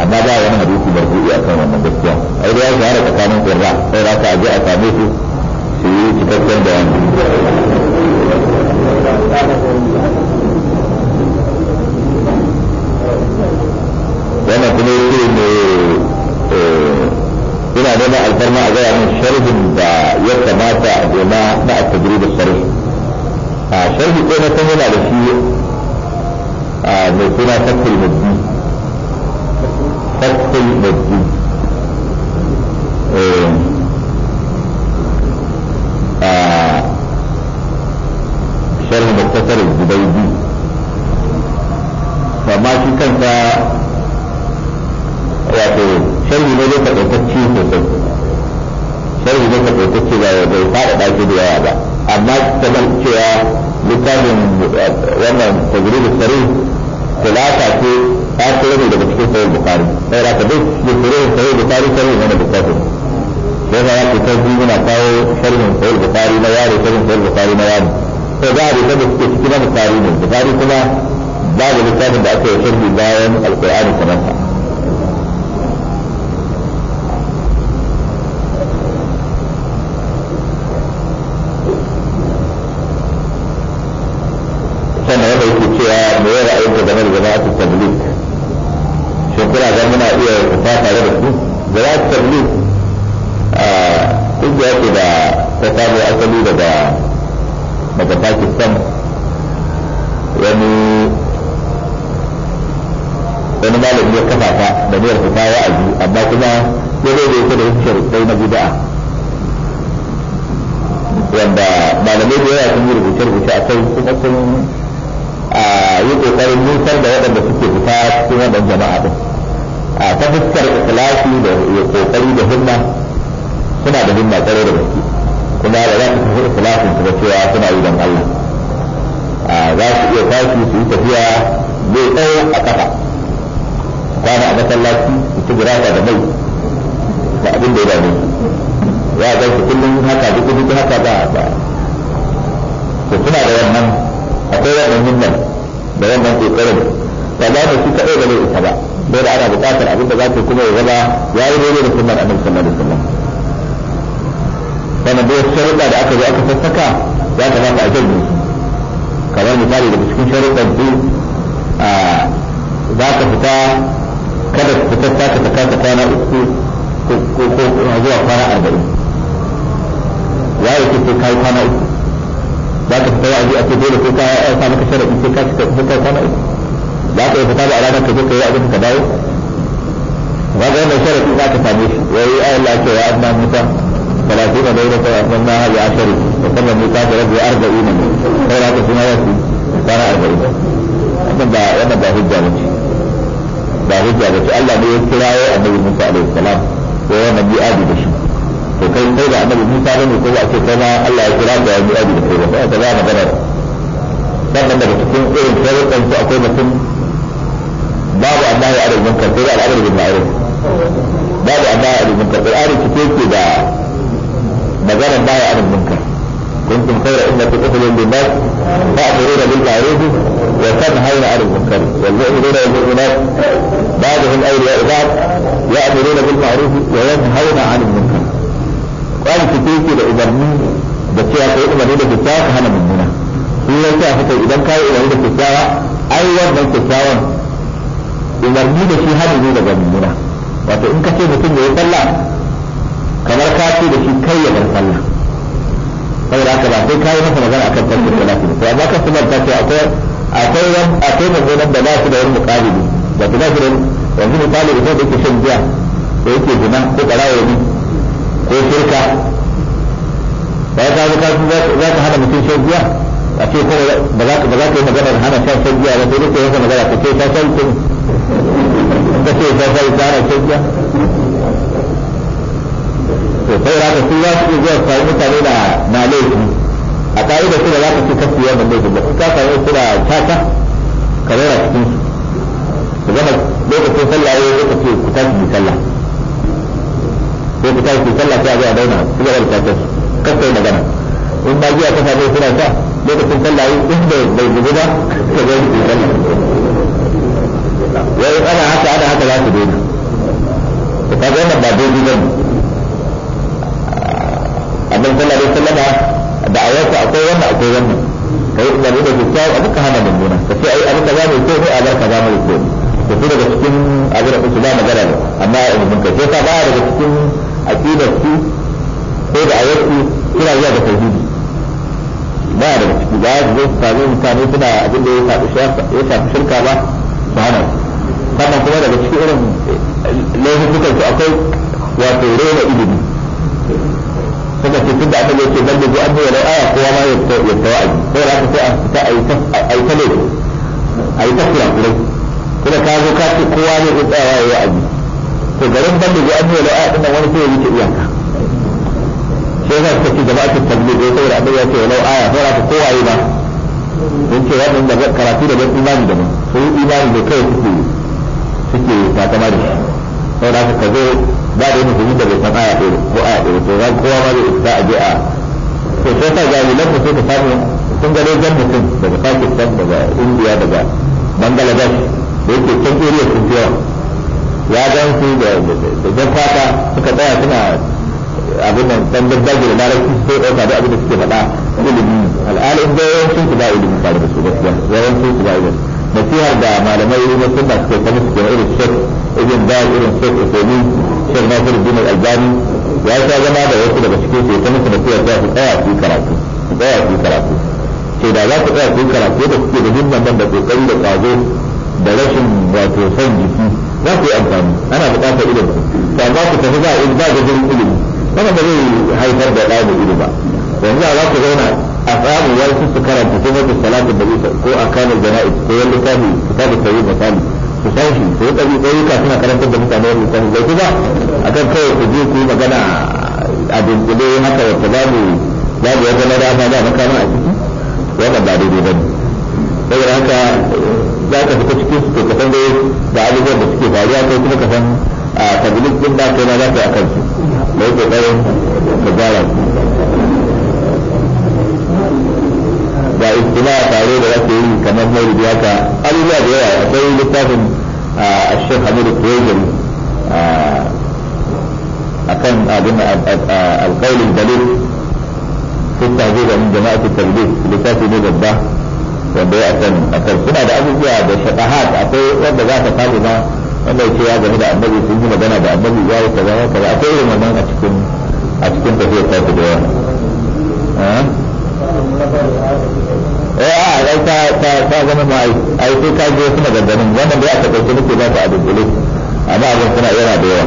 amma ba wani hadisi a kan wannan gaskiya ai da ya shahara tsakanin qurra sai za ka aje a same su su yi cikakken bayani wannan kuma yake ne eh, ina neman alfarma a gaya min sharhin da ya kamata a gona na a da sharhi a sharhi ko na san yana da shi mai suna fatkul mabdi fatkul mabdi littafin da aka yi sharhi bayan alkur'ani kamar kuma sun yi kokarin nusar da waɗanda suke fita cikin waɗanda jama'a din a ta fuskar ikhlasi da kokari da himma suna da himma tsare da gaske kuma da za su fi ikhlasin su ga cewa suna yi don Allah za su iya tashi su yi tafiya zai tsawo a ƙasa kwana a masallaci su ci gurasa da mai da abin da ya dame ya ga su kullum haka duk duk haka ba. to kuna da wannan akwai wannan himmar da wannan kokarin ba za mu ci kaɗai da laifuka isa ba dole ana buƙatar abin da za ta kuma ya zama ya yi daidai da sunnar annabi sallallahu alaihi wasallam wannan duk sharuɗa da aka zo aka sassaka ya kamata a jirgin su kamar misali daga cikin sharuɗan biyu za ka fita kada ka fita ta ka kasa kwana uku ko zuwa kwana arba'in ya yi kai kwana uku za ka fita wa'azi a ce dole sai ka sa maka sharadi sai ka fita sai ka kwana uku za ka yi fita da alama ka je ka yi abin ka dawo ba ga wannan sharadi za ka same shi wai ayi Allah ce ya anna musa ثلاثين ليلة وأتممناها بعشر وتم ميقات ربي أربعين غير هذا في نواتي كان أربعين wannan ba wannan ba hujja bace ba hujja bace Allah ne ya kirawo annabi Musa alaihi salam ko ya nabi Adi da shi to kai kai da annabi Musa ne ko ba ce kai ma Allah ya kira ka ya yi abu da kai ba ta ba magana sannan daga cikin irin sharuɗan su akwai mutum babu Allah ya arzikin munkar sai da al'amari bil ma'ruf babu Allah ya arzikin munkar Qur'ani cike ke da magana ba ya arzikin munkar kuntum khayra ummatin ukhrijat lin-nas ta'muruna bil ma'ruf wa tanhauna 'anil munkar wal mu'minuna wal mu'minat ba'dhum awliya'u ba'd يأمرون بالمعروف وينهون عن المنكر kwari ta ke da umarni da cewa kai umarni da kyakkyawa ka hana mummuna shi ya sa haka idan ka yi umarni da kyakkyawa ai wannan kyakkyawan umarni da shi hana ne daga mummuna wato in ka ce mutum ya yi sallah kamar ka ce da shi kai ya bar sallah saboda haka ba sai ka yi masa magana akan tafsir salati ba amma ka sumar ta ce akwai akwai akwai mummunan da ba su da wani muƙalibi wato ba su da yanzu misali idan da yake shan giya da yake zina ko ƙarawa ne ko shirka ba ka ga za ka hana mutum shan giya a ce kuma ba za ka yi maganar hana shan shan giya ba sai dai ka yi magana ka ce ta shan kin ka ce ta shan ta hana shan giya to sai za ka su za su zuwa su mutane da na laifi a ka'ida su da za ka ce kasu yawan laifi ba su ka sami su da tata ka rera cikin su su zama lokacin sallah ya yi lokaci ku tashi sallah sai ku tashi sallah sai a zo a daina su da alfatar kasa yi magana in ba giya kasa zai suna sa lokacin sallah yi in bai bai gudu ba ka zo su sallah wai ana haka ana haka za su daina to kaga wannan ba daidai ba ne abin sallah dai sallama da ayyuka akwai wannan akwai wannan kai ina da kyakkyawa abu ka hana mummuna ka ce ai abin da za mu yi ko ne a bar ka za mu yi ko ne to daga cikin abin da su ba magana ne amma ilimin kai sai ta ba daga cikin aqidar su ko da ayyukan suna zuwa da tauhidi ba da ciki ba su zo su sami mutane suna abin da ya tafi shirka ba su hana sannan kuma daga cikin irin laifukan su akwai wato rena ilimi suka ce da aka ce ban da an bayyana aya kowa ma ya ta ya tawa aji sai da aka sai a fita a yi ta ne a yi ta kura kuma ka zo ka ce kowa ne ya tsaya ya yi aji to garin ban da ji an yi la'a dinnan wani sai ya wuce iyaka sai za su ce jama'a ta tabbi da saboda abin ya ce walau aya sai ka kowaye ba don ce wannan da karatu da ban imani da ban sai imani da kai suke suke takama da shi saboda haka ka zo ba da yana da bai san aya ɗaya ko aya ɗaya to ran kowa ma zai za a je a to sai sa jami'an ku sai ka samu sun gano jan mutum daga Pakistan daga India daga Bangladesh da yake can area sun fi yawa ya gan su da jan fata suka tsaya suna abin nan dan daddage da larabci sai ɗauka da abin da suke faɗa ilimi al'alin da yawancin su ba ilimi tare da su gaskiya yawancin su ba ilimi nasihar da malamai sun sunna suke ta musu kenan irin shek ibn ba irin shek usaini shek nasir bin al-albani ya sha zama da wasu daga cikin su ta su nasihar ta su tsaya su karatu su tsaya su karatu ce da za su tsaya su karatu da suke da himman nan da kokari da kwazo da rashin wato son jiki za ku yi amfani ana buƙatar ilimi ba za ku tafi ba in ba gajin ilimi kuma ba zai haifar da ɗa da ilimi ba yanzu a za ku zauna a samu wasu su karanta sun wata salatin da bisa ko a kanar jana'is ko wani littafi kitabun tawi misali su san shi ko ɗari ɗauyuka suna karantar da mutane wani littafi da ku ba a kan kawai ku je ku yi magana a dunkule haka wata babu babu wata na dama da makama a ciki wannan ba daidai ba ne saboda haka za ka fita cikin su to ka san dai da abubuwan da suke faruwa kai kuma ka san a tabbilin din ba kai ma za ka yi a kansu da yake tsayin ka gyara su da istima a tare da zaka yi kamar mai da yaka abubuwa da yawa akwai littafin a shek hamidu kurejin a kan abin alƙaulin dalil sun tazo da jama'atu tarbi littafi ne babba wanda ya akan akan suna da abubuwa da shafahat akwai wanda za ka faru ma wanda yake ya game da annabi sun yi magana da annabi ya yi kaza ya kaza akwai irin wannan a cikin a cikin tafiyar ta da yawa eh a ai ta ta ta zama ma ai sai ka je kuma ganganin wannan da aka dauke nake ba ta a amma abin suna yana da yawa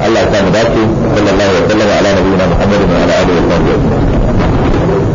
Allah ya sa mu dace sallallahu alaihi wa sallam ala nabiyina Muhammadin wa ala alihi wa sahbihi